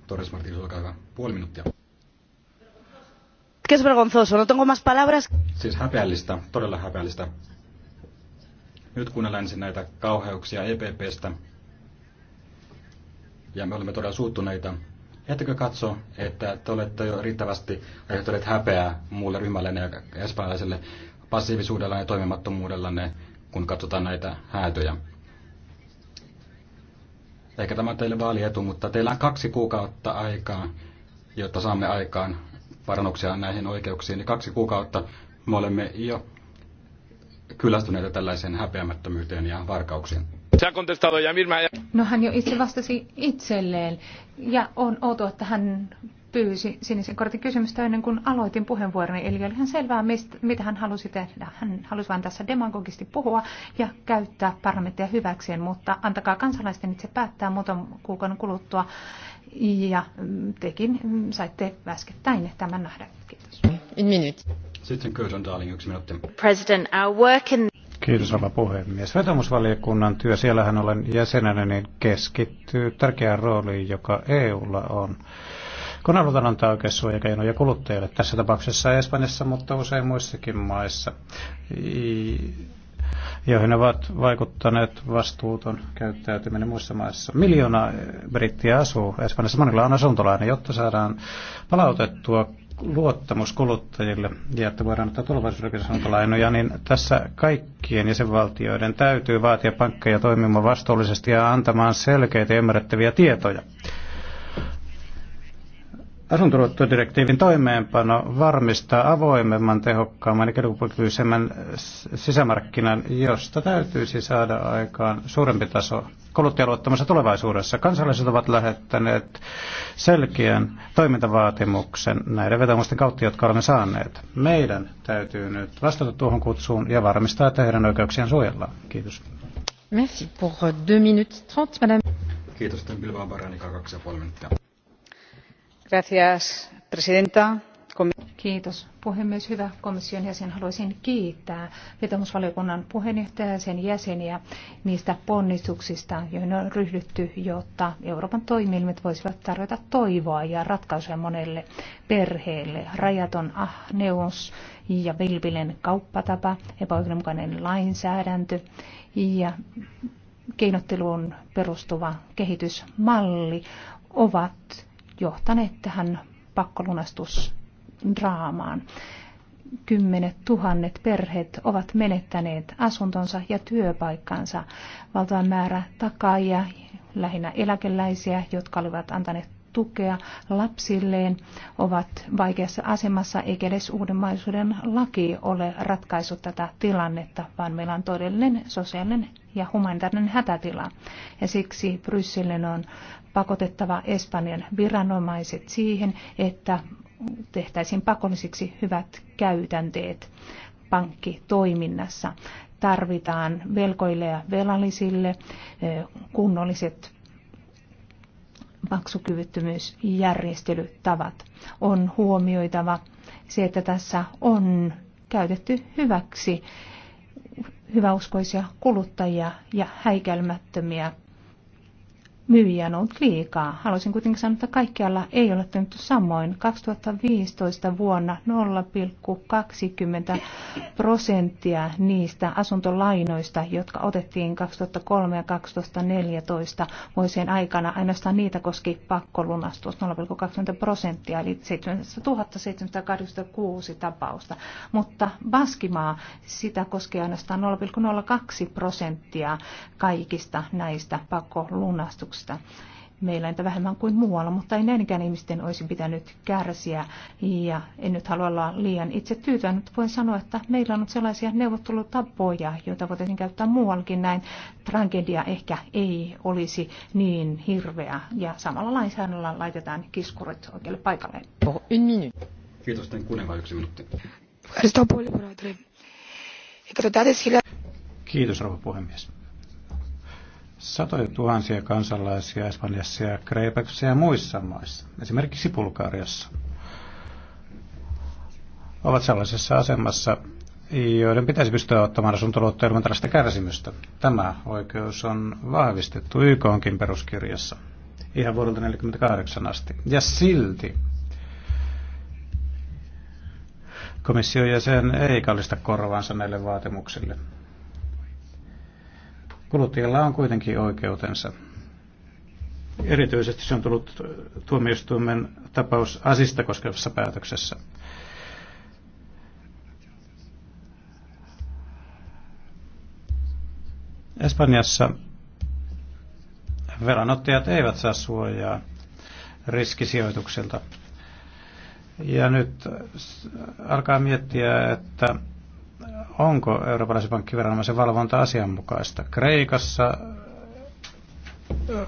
Torres Martínez, olkaa Puoli minuuttia. Es vergonzoso, no tengo más palabras. Siis häpeällistä, todella häpeällistä. Nyt kuunnellaan ensin näitä kauheuksia EPPstä. Ja me olemme todella suuttuneita. Ettekö katso, että te olette jo riittävästi aiheuttaneet häpeää muulle ryhmälle ja espanjalaiselle passiivisuudella ja toimimattomuudellanne, kun katsotaan näitä häätöjä? Ehkä tämä on teille vaalietu, mutta teillä on kaksi kuukautta aikaa, jotta saamme aikaan parannuksia näihin oikeuksiin. Niin kaksi kuukautta me olemme jo kyllästyneitä tällaiseen häpeämättömyyteen ja varkauksiin. No hän jo itse vastasi itselleen ja on outoa, että hän pyysi sinisen kortin kysymystä ennen kuin aloitin puheenvuoroni, eli oli ihan selvää, mistä, mitä hän halusi tehdä. Hän halusi vain tässä demagogisti puhua ja käyttää parlamenttia hyväkseen, mutta antakaa kansalaisten itse päättää muutaman kuukauden kuluttua. Ja mm, tekin mm, saitte äskettäin tämän nähdä. Kiitos. In minute. Sitten Curtin Darling, yksi minuutti. President, our work in... Kiitos, rouva puhemies. Vetomusvaliokunnan työ, siellähän olen jäsenenä, niin keskittyy tärkeään rooliin, joka EUlla on kun halutaan antaa oikeussuojakeinoja kuluttajille tässä tapauksessa Espanjassa, mutta usein muissakin maissa, joihin ovat vaikuttaneet vastuuton käyttäytyminen muissa maissa. Miljoona brittiä asuu Espanjassa, monilla on asuntolainen, jotta saadaan palautettua luottamus kuluttajille ja että voidaan ottaa tulevaisuudessa niin tässä kaikkien jäsenvaltioiden täytyy vaatia pankkeja toimimaan vastuullisesti ja antamaan selkeitä ja ymmärrettäviä tietoja. Asuntoluottodirektiivin toimeenpano varmistaa avoimemman, tehokkaamman ja kilpailukykyisemmän sisämarkkinan, josta täytyisi saada aikaan suurempi taso kuluttajaluottamassa tulevaisuudessa. Kansalaiset ovat lähettäneet selkeän toimintavaatimuksen näiden vetomusten kautta, jotka olemme saaneet. Meidän täytyy nyt vastata tuohon kutsuun ja varmistaa, että heidän oikeuksiaan suojellaan. Kiitos. Merci pour 2 minutes 30, madame. Kiitos, Bilbao Baranika, kaksi ja puoli minuuttia. Kiitos puhemies. Hyvä komission jäsen. Haluaisin kiittää vetoomusvaliokunnan puheenjohtajaa ja sen jäseniä niistä ponnistuksista, joihin on ryhdytty, jotta Euroopan toimielimet voisivat tarjota toivoa ja ratkaisuja monelle perheelle. Rajaton ahneus ja vilpillinen kauppatapa, epäoikeudenmukainen lainsäädäntö ja keinotteluun perustuva kehitysmalli ovat johtaneet tähän pakkolunastusdraamaan. Kymmenet tuhannet perheet ovat menettäneet asuntonsa ja työpaikkansa. Valtava määrä takaajia, lähinnä eläkeläisiä, jotka olivat antaneet tukea lapsilleen, ovat vaikeassa asemassa, eikä edes uudenmaisuuden laki ole ratkaisu tätä tilannetta, vaan meillä on todellinen sosiaalinen ja humanitaarinen hätätila. Ja siksi Brysselin on pakotettava Espanjan viranomaiset siihen, että tehtäisiin pakollisiksi hyvät käytänteet pankkitoiminnassa. Tarvitaan velkoille ja velallisille kunnolliset maksukyvyttömyysjärjestelytavat. On huomioitava se, että tässä on käytetty hyväksi hyväuskoisia kuluttajia ja häikäilemättömiä myyjiä on ollut liikaa. Haluaisin kuitenkin sanoa, että kaikkialla ei ole tehty samoin. 2015 vuonna 0,20 prosenttia niistä asuntolainoista, jotka otettiin 2003 ja 2014 vuosien aikana, ainoastaan niitä koski pakkolunastus 0,20 prosenttia, eli 7786 tapausta. Mutta Baskimaa, sitä koskee ainoastaan 0,02 prosenttia kaikista näistä pakkolunastuksista kustannuksista. Meillä entä vähemmän kuin muualla, mutta ei näinkään ihmisten olisi pitänyt kärsiä. Ja en nyt halua olla liian itse tyytyä, mutta voin sanoa, että meillä on sellaisia neuvottelutapoja, joita voitaisiin käyttää muuallakin näin. Tragedia ehkä ei olisi niin hirveä. Ja samalla lainsäädännöllä laitetaan kiskurit oikealle paikalle. Kiitos, tämän kuunnella yksi minuutti. Kiitos, rouva puhemies satoja tuhansia kansalaisia Espanjassa ja Kreipäksessä ja muissa maissa, esimerkiksi Bulgariassa, ovat sellaisessa asemassa, joiden pitäisi pystyä ottamaan asuntoluottoa ilman tällaista kärsimystä. Tämä oikeus on vahvistettu YKonkin peruskirjassa ihan vuodelta 1948 asti. Ja silti komission jäsen ei kallista korvaansa näille vaatimuksille. Kuluttajilla on kuitenkin oikeutensa. Erityisesti se on tullut tuomioistuimen tapaus asista koskevassa päätöksessä. Espanjassa velanottajat eivät saa suojaa riskisijoituksilta. Ja nyt alkaa miettiä, että onko eurooppalaisen pankkiviranomaisen valvonta asianmukaista. Kreikassa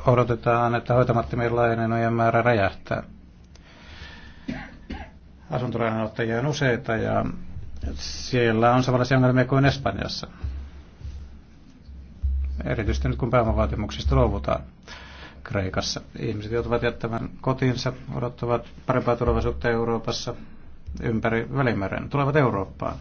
odotetaan, että hoitamattomien lainojen määrä räjähtää. Asuntolainanottajia on useita ja siellä on samanlaisia ongelmia kuin Espanjassa. Erityisesti nyt kun pääomavaatimuksista luovutaan Kreikassa. Ihmiset joutuvat jättämään kotinsa, odottavat parempaa tulevaisuutta Euroopassa ympäri Välimeren, tulevat Eurooppaan.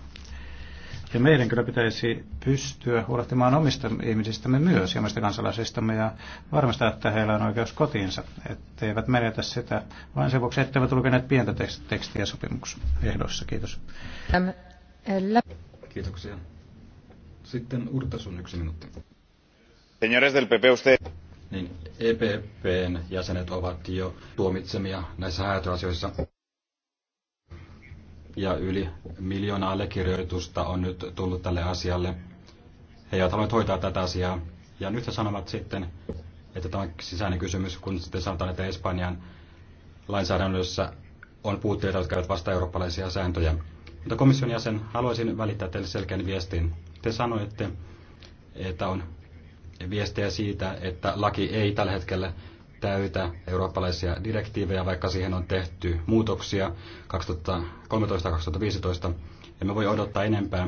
Ja meidän kyllä pitäisi pystyä huolehtimaan omista ihmisistämme myös ja omista kansalaisistamme ja varmistaa, että heillä on oikeus kotiinsa, etteivät menetä sitä vain sen vuoksi, etteivät lukeneet pientä tekstiä sopimuksehdoissa. Kiitos. Ähm, Kiitoksia. Sitten Urtasun yksi minuutti. Señores del PP, usted... Niin, EPPn jäsenet ovat jo tuomitsemia näissä häätöasioissa ja yli miljoona allekirjoitusta on nyt tullut tälle asialle. He eivät halunneet hoitaa tätä asiaa. Ja nyt he sanovat sitten, että tämä on sisäinen kysymys, kun sitten sanotaan, että Espanjan lainsäädännössä on puutteita, jotka eivät vasta eurooppalaisia sääntöjä. Mutta komission jäsen, haluaisin välittää teille selkeän viestin. Te sanoitte, että on viestejä siitä, että laki ei tällä hetkellä täytä eurooppalaisia direktiivejä, vaikka siihen on tehty muutoksia 2013-2015. Emme voi odottaa enempää.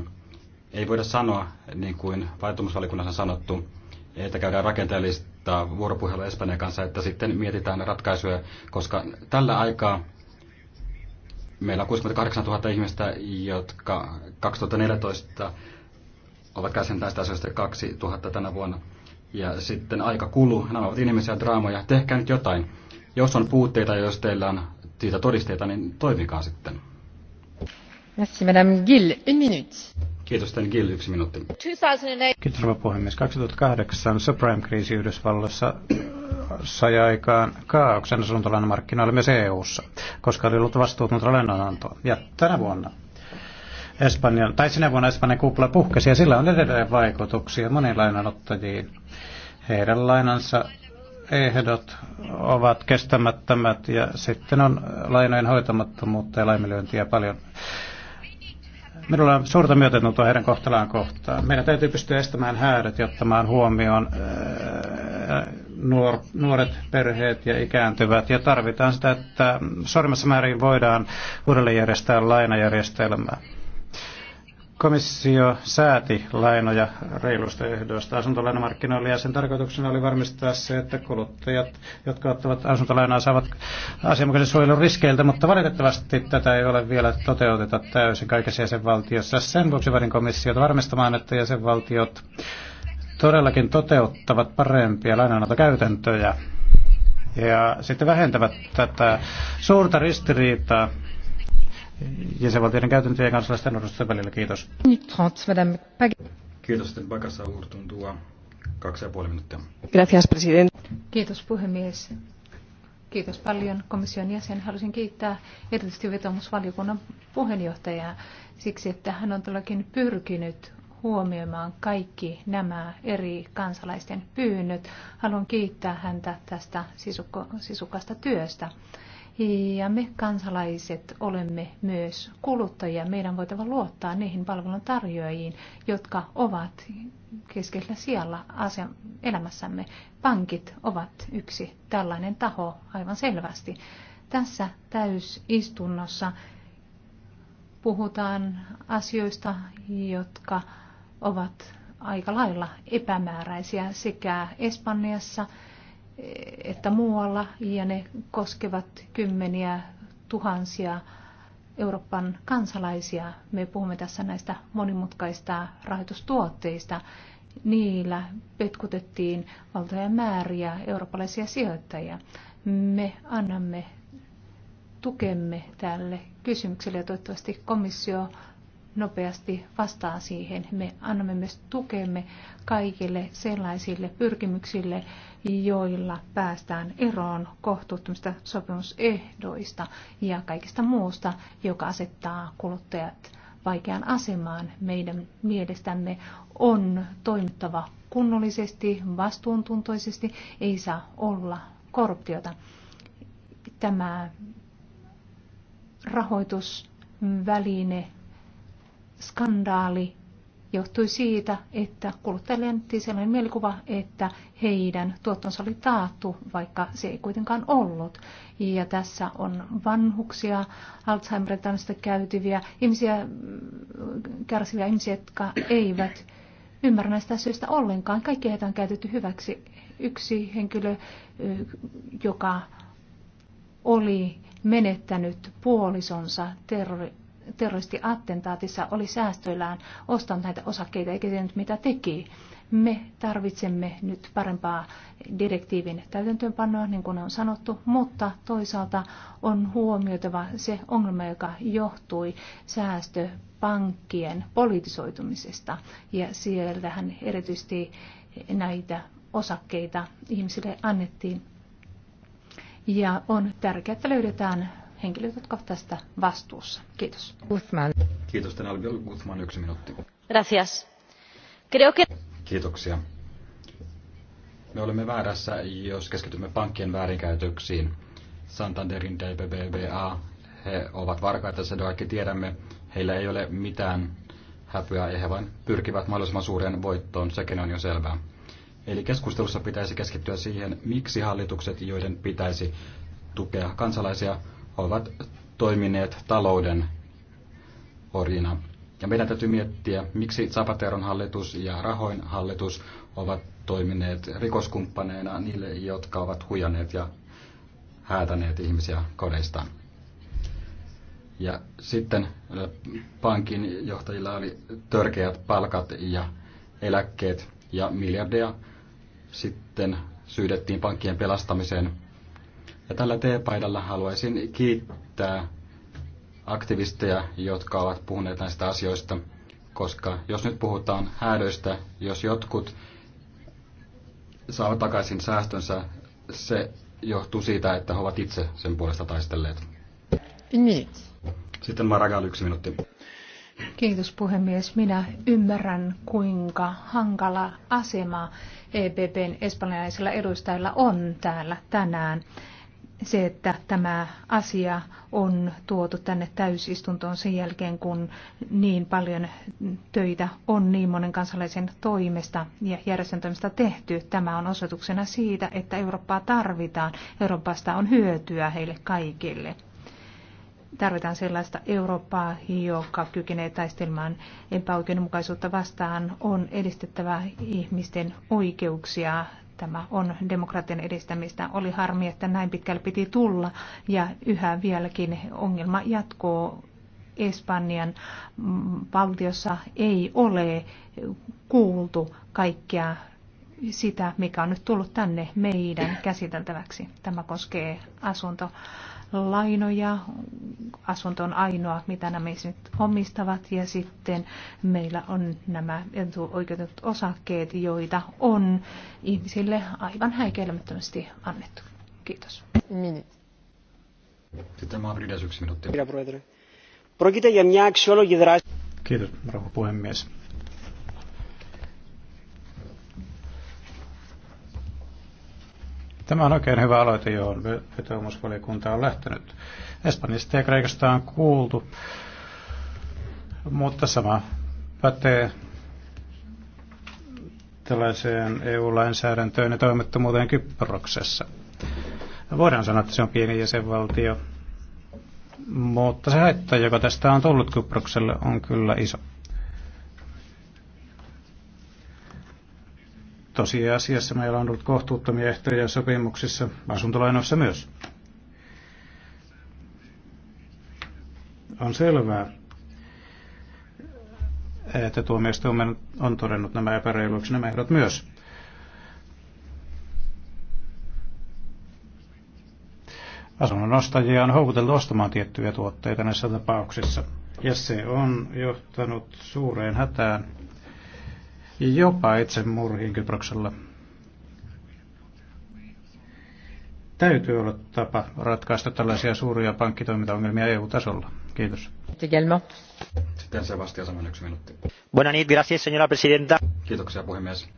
Ei voida sanoa, niin kuin vaatimusvalikunnassa on sanottu, että käydään rakenteellista vuoropuhelua Espanjan kanssa, että sitten mietitään ratkaisuja, koska tällä aikaa meillä on 68 000 ihmistä, jotka 2014 ovat käsin tästä asioista 2000 tänä vuonna ja sitten aika kuluu. Nämä ovat inhimillisiä draamoja. Tehkää nyt jotain. Jos on puutteita, jos teillä on siitä todisteita, niin toimikaa sitten. Merci, Madame Gill. Une minute. Kiitos, Sten Gill. Yksi minuutti. 2008. Kiitos, rouva puhemies. 2008 subprime-kriisi Yhdysvalloissa sai aikaan kaauksen asuntolainamarkkinoille myös EU-ssa, koska oli ollut vastuutonta lainanantoa. Ja tänä vuonna Espanjan, tai sinä vuonna Espanjan kupla puhkesi ja sillä on edelleen vaikutuksia moniin lainanottajiin. Heidän lainansa ehdot ovat kestämättömät ja sitten on lainojen hoitamattomuutta ja laiminlyöntiä paljon. Minulla on suurta myötätuntoa heidän kohtalaan kohtaan. Meidän täytyy pystyä estämään häädöt ja ottamaan huomioon äh, nuor, nuoret perheet ja ikääntyvät. Ja tarvitaan sitä, että suurimmassa määrin voidaan uudelleen järjestää lainajärjestelmää komissio sääti lainoja reilusta ehdoista asuntolainamarkkinoille ja sen tarkoituksena oli varmistaa se, että kuluttajat, jotka ottavat asuntolainaa, saavat asianmukaisen suojelun riskeiltä, mutta valitettavasti tätä ei ole vielä toteuteta täysin kaikissa jäsenvaltiossa. Sen vuoksi vaadin komissiot varmistamaan, että jäsenvaltiot todellakin toteuttavat parempia lainanantokäytäntöjä ja sitten vähentävät tätä suurta ristiriitaa jäsenvaltioiden käytäntöjen ja kansalaisten odotusten välillä. Kiitos. Kiitos, että minuuttia. Gracias, president. Kiitos puhemies. Kiitos paljon komission jäsen. Haluaisin kiittää erityisesti vetomusvaliokunnan puheenjohtajaa siksi, että hän on todellakin pyrkinyt huomioimaan kaikki nämä eri kansalaisten pyynnöt. Haluan kiittää häntä tästä sisukasta työstä. Ja me kansalaiset olemme myös kuluttajia. Meidän voitava luottaa niihin palveluntarjoajiin, jotka ovat keskellä siellä elämässämme. Pankit ovat yksi tällainen taho aivan selvästi. Tässä täysistunnossa puhutaan asioista, jotka ovat aika lailla epämääräisiä sekä Espanjassa – että muualla, ja ne koskevat kymmeniä tuhansia Euroopan kansalaisia. Me puhumme tässä näistä monimutkaista rahoitustuotteista. Niillä petkutettiin valtoja määriä eurooppalaisia sijoittajia. Me annamme tukemme tälle kysymykselle ja toivottavasti komissio nopeasti vastaa siihen. Me annamme myös tukemme kaikille sellaisille pyrkimyksille, joilla päästään eroon kohtuuttomista sopimusehdoista ja kaikista muusta, joka asettaa kuluttajat vaikeaan asemaan. Meidän mielestämme on toimittava kunnollisesti, vastuuntuntoisesti, ei saa olla korruptiota. Tämä rahoitusväline, skandaali johtui siitä, että kuluttajille annettiin sellainen mielikuva, että heidän tuottonsa oli taattu, vaikka se ei kuitenkaan ollut. Ja tässä on vanhuksia, alzheimer tanssista käytyviä, ihmisiä, kärsiviä ihmisiä, jotka eivät ymmärrä näistä syistä ollenkaan. Kaikki heitä on käytetty hyväksi. Yksi henkilö, joka oli menettänyt puolisonsa terrori terroristiattentaatissa oli säästöillään ostanut näitä osakkeita eikä tiennyt mitä teki. Me tarvitsemme nyt parempaa direktiivin täytäntöönpanoa, niin kuin on sanottu, mutta toisaalta on huomioitava se ongelma, joka johtui säästöpankkien politisoitumisesta. Ja sieltähän erityisesti näitä osakkeita ihmisille annettiin. Ja on tärkeää, että löydetään henkilöt, jotka ovat tästä vastuussa. Kiitos. Guzman. Kiitos, Tenalbi Guzman, yksi minuutti. Gracias. Creo que... Kiitoksia. Me olemme väärässä, jos keskitymme pankkien väärinkäytöksiin. Santanderin DBBA, he ovat varkaita, se kaikki tiedämme. Heillä ei ole mitään häpyä ja he vain pyrkivät mahdollisimman suureen voittoon, sekin on jo selvää. Eli keskustelussa pitäisi keskittyä siihen, miksi hallitukset, joiden pitäisi tukea kansalaisia, ovat toimineet talouden orjina. Ja meidän täytyy miettiä, miksi Zapateron hallitus ja Rahoin hallitus ovat toimineet rikoskumppaneina niille, jotka ovat huijanneet ja häätäneet ihmisiä kodeistaan. Ja sitten pankin johtajilla oli törkeät palkat ja eläkkeet ja miljardeja sitten syydettiin pankkien pelastamiseen ja tällä teepaidalla haluaisin kiittää aktivisteja, jotka ovat puhuneet näistä asioista, koska jos nyt puhutaan häädöistä, jos jotkut saavat takaisin säästönsä, se johtuu siitä, että he ovat itse sen puolesta taistelleet. Niin. Sitten Maragall yksi minuutti. Kiitos puhemies. Minä ymmärrän, kuinka hankala asema EPPn espanjalaisilla edustajilla on täällä tänään se, että tämä asia on tuotu tänne täysistuntoon sen jälkeen, kun niin paljon töitä on niin monen kansalaisen toimesta ja järjestön toimesta tehty. Tämä on osoituksena siitä, että Eurooppaa tarvitaan. Euroopasta on hyötyä heille kaikille. Tarvitaan sellaista Eurooppaa, joka kykenee taistelmaan epäoikeudenmukaisuutta vastaan, on edistettävä ihmisten oikeuksia Tämä on demokratian edistämistä. Oli harmi, että näin pitkälle piti tulla ja yhä vieläkin ongelma jatkuu. Espanjan valtiossa ei ole kuultu kaikkea sitä, mikä on nyt tullut tänne meidän käsiteltäväksi. Tämä koskee asuntoa lainoja. Asunto on ainoa, mitä nämä nyt omistavat. Ja sitten meillä on nämä etuoikeutetut osakkeet, joita on ihmisille aivan häikeilemättömästi annettu. Kiitos. Sitten Mavridas yksi minuutti. Kiitos, rouva puhemies Tämä on oikein hyvä aloite, johon vetoomusvaliokunta on lähtenyt. Espanjasta ja Kreikasta on kuultu, mutta sama pätee tällaiseen EU-lainsäädäntöön ja toimettomuuteen Kyproksessa. Voidaan sanoa, että se on pieni jäsenvaltio, mutta se haitta, joka tästä on tullut Kyprokselle, on kyllä iso. Tosiasiassa meillä on ollut kohtuuttomia ehtoja sopimuksissa, asuntolainoissa myös. On selvää, että tuomioistuimen on todennut nämä epäreiluiksi nämä ehdot myös. Asunnon ostajia on houkuteltu ostamaan tiettyjä tuotteita näissä tapauksissa, ja se on johtanut suureen hätään jopa itsemurhiin Kyproksella. Täytyy olla tapa ratkaista tällaisia suuria pankkitoimintaongelmia EU-tasolla. Kiitos. Sitten Sebastian Saman yksi minuutti. Buona niit, gracias, señora presidenta. Kiitoksia puhemies.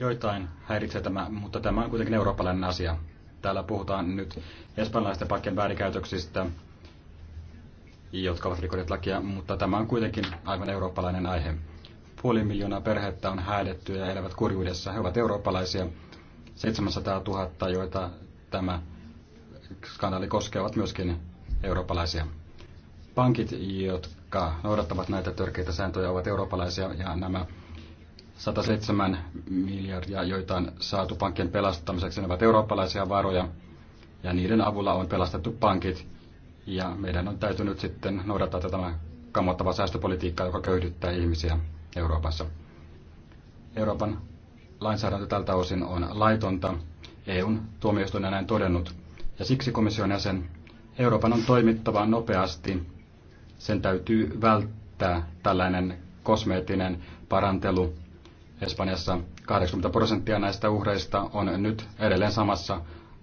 Joitain häiritsee tämä, mutta tämä on kuitenkin eurooppalainen asia. Täällä puhutaan nyt espanjalaisten pankkien väärinkäytöksistä, jotka ovat rikoneet lakia, mutta tämä on kuitenkin aivan eurooppalainen aihe. Puoli miljoonaa perhettä on häädetty ja elävät kurjuudessa. He ovat eurooppalaisia. 700 000, joita tämä skandaali koskee, ovat myöskin eurooppalaisia. Pankit, jotka noudattavat näitä törkeitä sääntöjä, ovat eurooppalaisia ja nämä 107 miljardia, joita on saatu pankkien pelastamiseksi, ne ovat eurooppalaisia varoja ja niiden avulla on pelastettu pankit ja meidän on täytynyt sitten noudattaa tätä kamottavaa säästöpolitiikkaa, joka köyhdyttää ihmisiä. Euroopassa. Euroopan lainsäädäntö tältä osin on laitonta, EUn tuomioistuin on näin todennut, ja siksi komission jäsen Euroopan on toimittava nopeasti. Sen täytyy välttää tällainen kosmeettinen parantelu. Espanjassa 80 prosenttia näistä uhreista on nyt edelleen samassa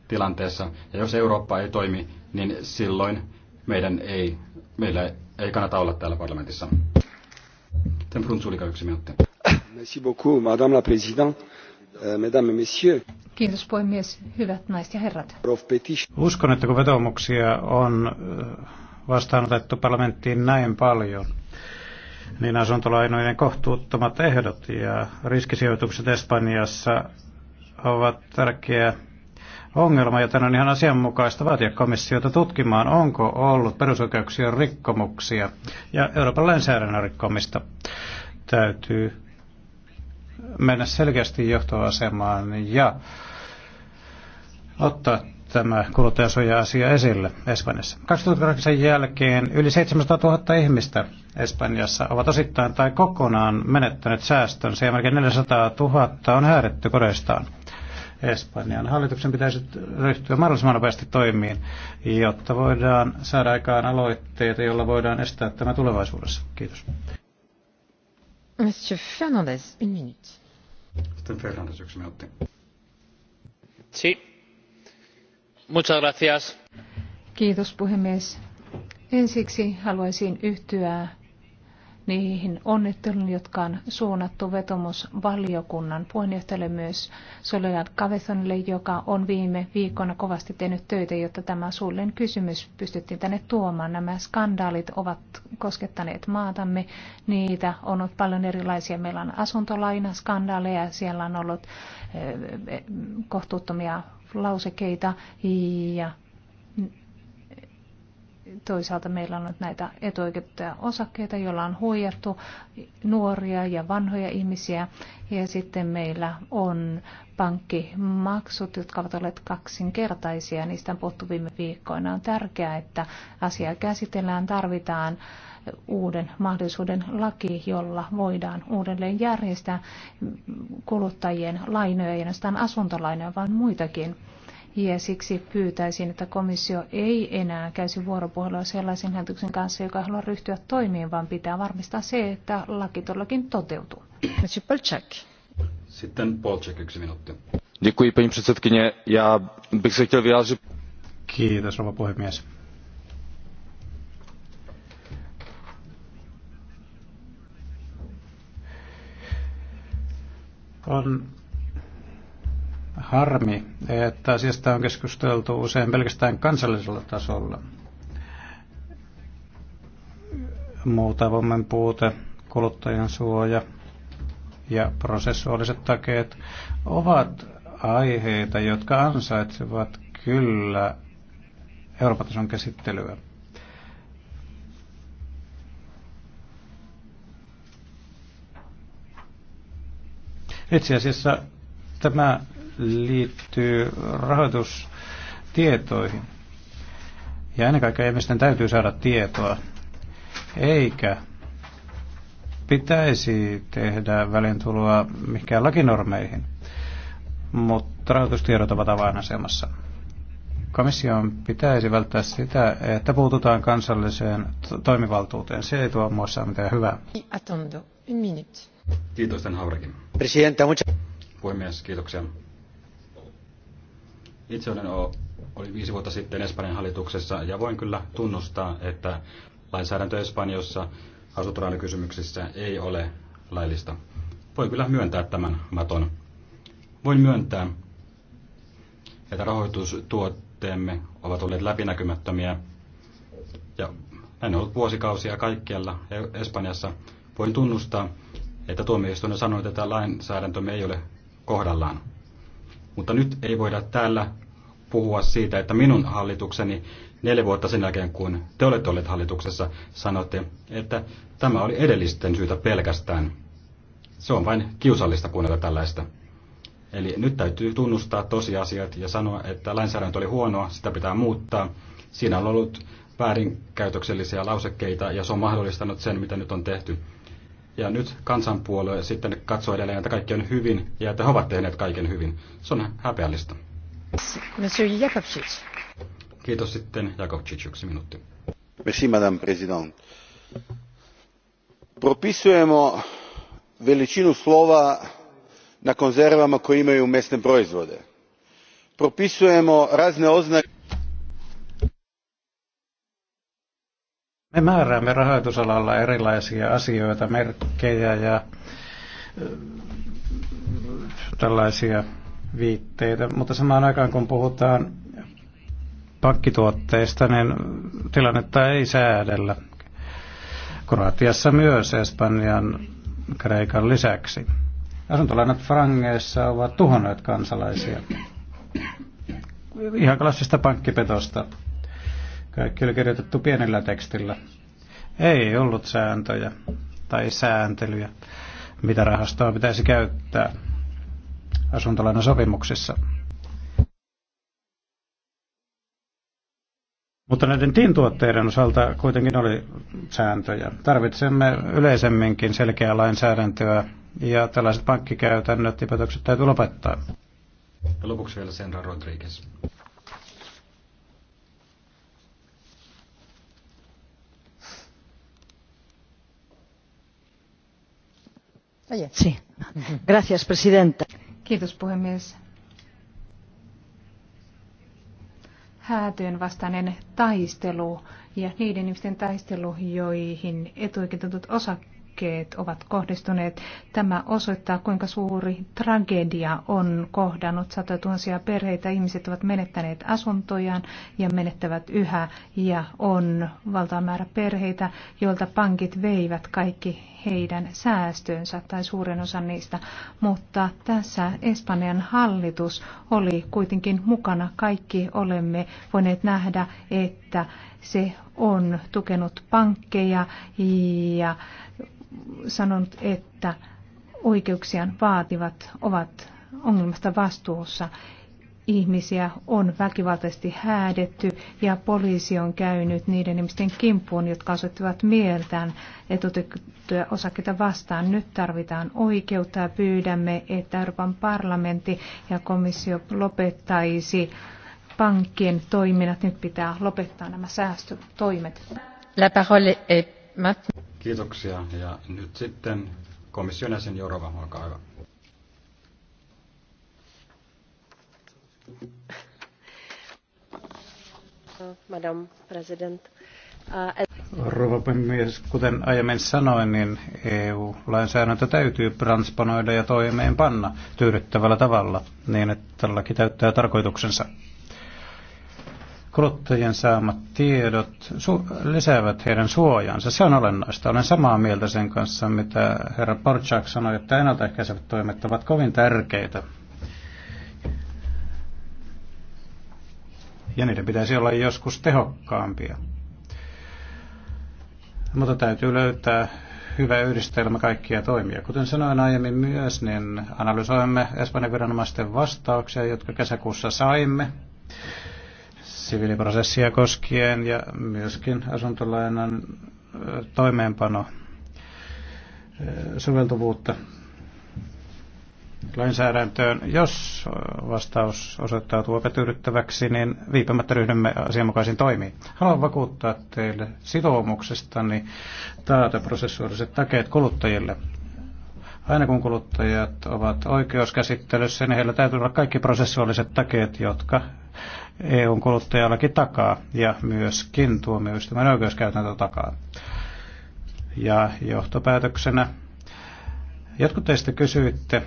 tilanteessa, ja jos Eurooppa ei toimi, niin silloin meidän ei, meillä ei kannata olla täällä parlamentissa. Sitten Brunsulika yksi minuutti. Merci beaucoup, madame la présidente. Euh, mesdames et messieurs. Kiitos puhemies. Hyvät naiset ja herrat. Uskon, että kun vetomuksia on vastaanotettu parlamenttiin näin paljon, niin asuntolainojen kohtuuttomat ehdot ja riskisijoitukset Espanjassa ovat tärkeä ongelma, joten on ihan asianmukaista vaatia komissiota tutkimaan, onko ollut perusoikeuksien rikkomuksia ja Euroopan lainsäädännön rikkomista. Täytyy mennä selkeästi johtoasemaan ja ottaa tämä kuluttajasuoja-asia esille Espanjassa. 2008 jälkeen yli 700 000 ihmistä Espanjassa ovat osittain tai kokonaan menettäneet säästönsä ja melkein 400 000 on häädetty kodeistaan. Espanjan hallituksen pitäisi ryhtyä mahdollisimman nopeasti toimiin, jotta voidaan saada aikaan aloitteita, joilla voidaan estää tämä tulevaisuudessa. Kiitos. Monsieur Fernandez, une minute. Sitten Fernandez, yksi minuutti. Si. Muchas gracias. Kiitos puhemies. Ensiksi haluaisin yhtyä niihin onnittelun, jotka on suunnattu vetomusvaliokunnan puheenjohtajalle myös Soledad Cavesonille, joka on viime viikona kovasti tehnyt töitä, jotta tämä suullinen kysymys pystyttiin tänne tuomaan. Nämä skandaalit ovat koskettaneet maatamme. Niitä on ollut paljon erilaisia. Meillä on asuntolainaskandaaleja, siellä on ollut eh, eh, kohtuuttomia lausekeita ja toisaalta meillä on nyt näitä etuoikeutettuja osakkeita, joilla on huijattu nuoria ja vanhoja ihmisiä. Ja sitten meillä on pankkimaksut, jotka ovat olleet kaksinkertaisia. Niistä on puhuttu viime viikkoina. On tärkeää, että asiaa käsitellään. Tarvitaan uuden mahdollisuuden laki, jolla voidaan uudelleen järjestää kuluttajien lainoja, ei ainoastaan asuntolainoja, vaan muitakin ja siksi pyytäisin, että komissio ei enää käisi vuoropuhelua sellaisen hallituksen kanssa, joka haluaa ryhtyä toimiin, vaan pitää varmistaa se, että laki todellakin toteutuu. Sitten Polček, yksi minuutti. Kiitos, rouva puhemies. On harmi, että asiasta on keskusteltu usein pelkästään kansallisella tasolla. Muutavoimen puute, kuluttajan suoja ja prosessuaaliset takeet ovat aiheita, jotka ansaitsevat kyllä Euroopan tason käsittelyä. Itse asiassa tämä liittyy rahoitustietoihin. Ja ennen kaikkea ihmisten täytyy saada tietoa, eikä pitäisi tehdä välintuloa mikään lakinormeihin, mutta rahoitustiedot ovat avainasemassa. Komission pitäisi välttää sitä, että puututaan kansalliseen toimivaltuuteen. Se ei tuo muassa mitään hyvää. Kiitos, Haurakin. Puhemies, kiitoksia. Itse olen olin viisi vuotta sitten Espanjan hallituksessa ja voin kyllä tunnustaa, että lainsäädäntö Espanjassa asuntoraalikysymyksissä ei ole laillista. Voin kyllä myöntää tämän maton. Voin myöntää, että rahoitustuotteemme ovat olleet läpinäkymättömiä ja näin on ollut vuosikausia kaikkialla e- Espanjassa. Voin tunnustaa, että tuomioistuin sanoi, että lainsäädäntömme ei ole kohdallaan. Mutta nyt ei voida täällä puhua siitä, että minun hallitukseni neljä vuotta sen jälkeen, kun te olette olleet hallituksessa, sanotte, että tämä oli edellisten syytä pelkästään. Se on vain kiusallista kuunnella tällaista. Eli nyt täytyy tunnustaa tosiasiat ja sanoa, että lainsäädäntö oli huonoa, sitä pitää muuttaa. Siinä on ollut väärinkäytöksellisiä lausekkeita ja se on mahdollistanut sen, mitä nyt on tehty. Ja nyt kansanpuolue sitten katsoo edelleen, että kaikki on hyvin ja että he ovat tehneet kaiken hyvin. Se on häpeällistä. Monsieur Kiitos sitten Jakovčić, yksi minuutti. Merci, madame president. Propisujemo veličinu slova na konzervama koje imaju mesne proizvode. Propisujemo razne oznake Me määräämme rahoitusalalla erilaisia asioita, merkkejä ja tällaisia viitteitä, mutta samaan aikaan kun puhutaan pankkituotteista, niin tilannetta ei säädellä. Kroatiassa myös Espanjan Kreikan lisäksi. Asuntolainat frangeissa ovat tuhonneet kansalaisia. Ihan klassista pankkipetosta. Kaikki oli kirjoitettu pienellä tekstillä. Ei ollut sääntöjä tai sääntelyjä, mitä rahastoa pitäisi käyttää sopimuksessa. Mutta näiden tintuotteiden tuotteiden osalta kuitenkin oli sääntöjä. Tarvitsemme yleisemminkin selkeää lainsäädäntöä ja tällaiset pankkikäytännöt ja päätökset täytyy lopettaa. Ja lopuksi vielä Senra Rodriguez. Gracias, presidenta. Kiitos puhemies. Häätyön vastainen taistelu ja niiden ihmisten taistelu, joihin etuoikeutetut osakkeet iskeet ovat kohdistuneet. Tämä osoittaa, kuinka suuri tragedia on kohdannut satoja perheitä. Ihmiset ovat menettäneet asuntojaan ja menettävät yhä ja on valtava määrä perheitä, joilta pankit veivät kaikki heidän säästöönsä tai suuren osan niistä. Mutta tässä Espanjan hallitus oli kuitenkin mukana. Kaikki olemme voineet nähdä, että se on tukenut pankkeja ja sanonut, että oikeuksiaan vaativat ovat ongelmasta vastuussa. Ihmisiä on väkivaltaisesti häädetty ja poliisi on käynyt niiden ihmisten kimppuun, jotka osoittivat mieltään etutettuja osakkeita vastaan. Nyt tarvitaan oikeutta ja pyydämme, että Euroopan parlamentti ja komissio lopettaisi pankkien toiminnat. Nyt pitää lopettaa nämä säästötoimet. La parole est maintenant. Kiitoksia. Ja nyt sitten komission jäsen Jorova, olkaa hyvä. Madam President. Uh, Rouva puhemies, kuten aiemmin sanoin, niin EU-lainsäädäntö täytyy transponoida ja toimeenpanna tyydyttävällä tavalla niin, että tällä täyttää tarkoituksensa kuluttajien saamat tiedot su- lisäävät heidän suojaansa. Se on olennaista. Olen samaa mieltä sen kanssa, mitä herra Porchak sanoi, että ennaltaehkäisevät toimet ovat kovin tärkeitä. Ja niiden pitäisi olla joskus tehokkaampia. Mutta täytyy löytää hyvä yhdistelmä kaikkia toimia. Kuten sanoin aiemmin myös, niin analysoimme Espanjan viranomaisten vastauksia, jotka kesäkuussa saimme siviiliprosessia koskien ja myöskin asuntolainan toimeenpano soveltuvuutta lainsäädäntöön. Jos vastaus osoittautuu epätyydyttäväksi, niin viipämättä ryhdymme asianmukaisiin toimiin. Haluan vakuuttaa teille sitoumuksestani taata prosessuaaliset takeet kuluttajille. Aina kun kuluttajat ovat oikeuskäsittelyssä, niin heillä täytyy olla kaikki prosessuaaliset takeet, jotka EUn kuluttajallakin takaa ja myöskin tuomioistuimen oikeuskäytäntö takaa. Ja johtopäätöksenä jotkut teistä kysyitte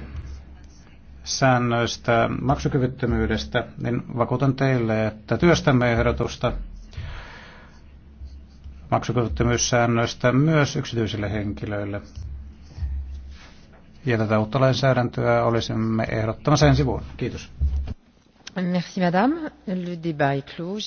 säännöistä maksukyvyttömyydestä, niin vakuutan teille, että työstämme ehdotusta maksukyvyttömyyssäännöistä myös yksityisille henkilöille. Ja tätä uutta lainsäädäntöä olisimme ehdottamassa ensi vuonna. Kiitos. Merci, madame. Le débat est clos.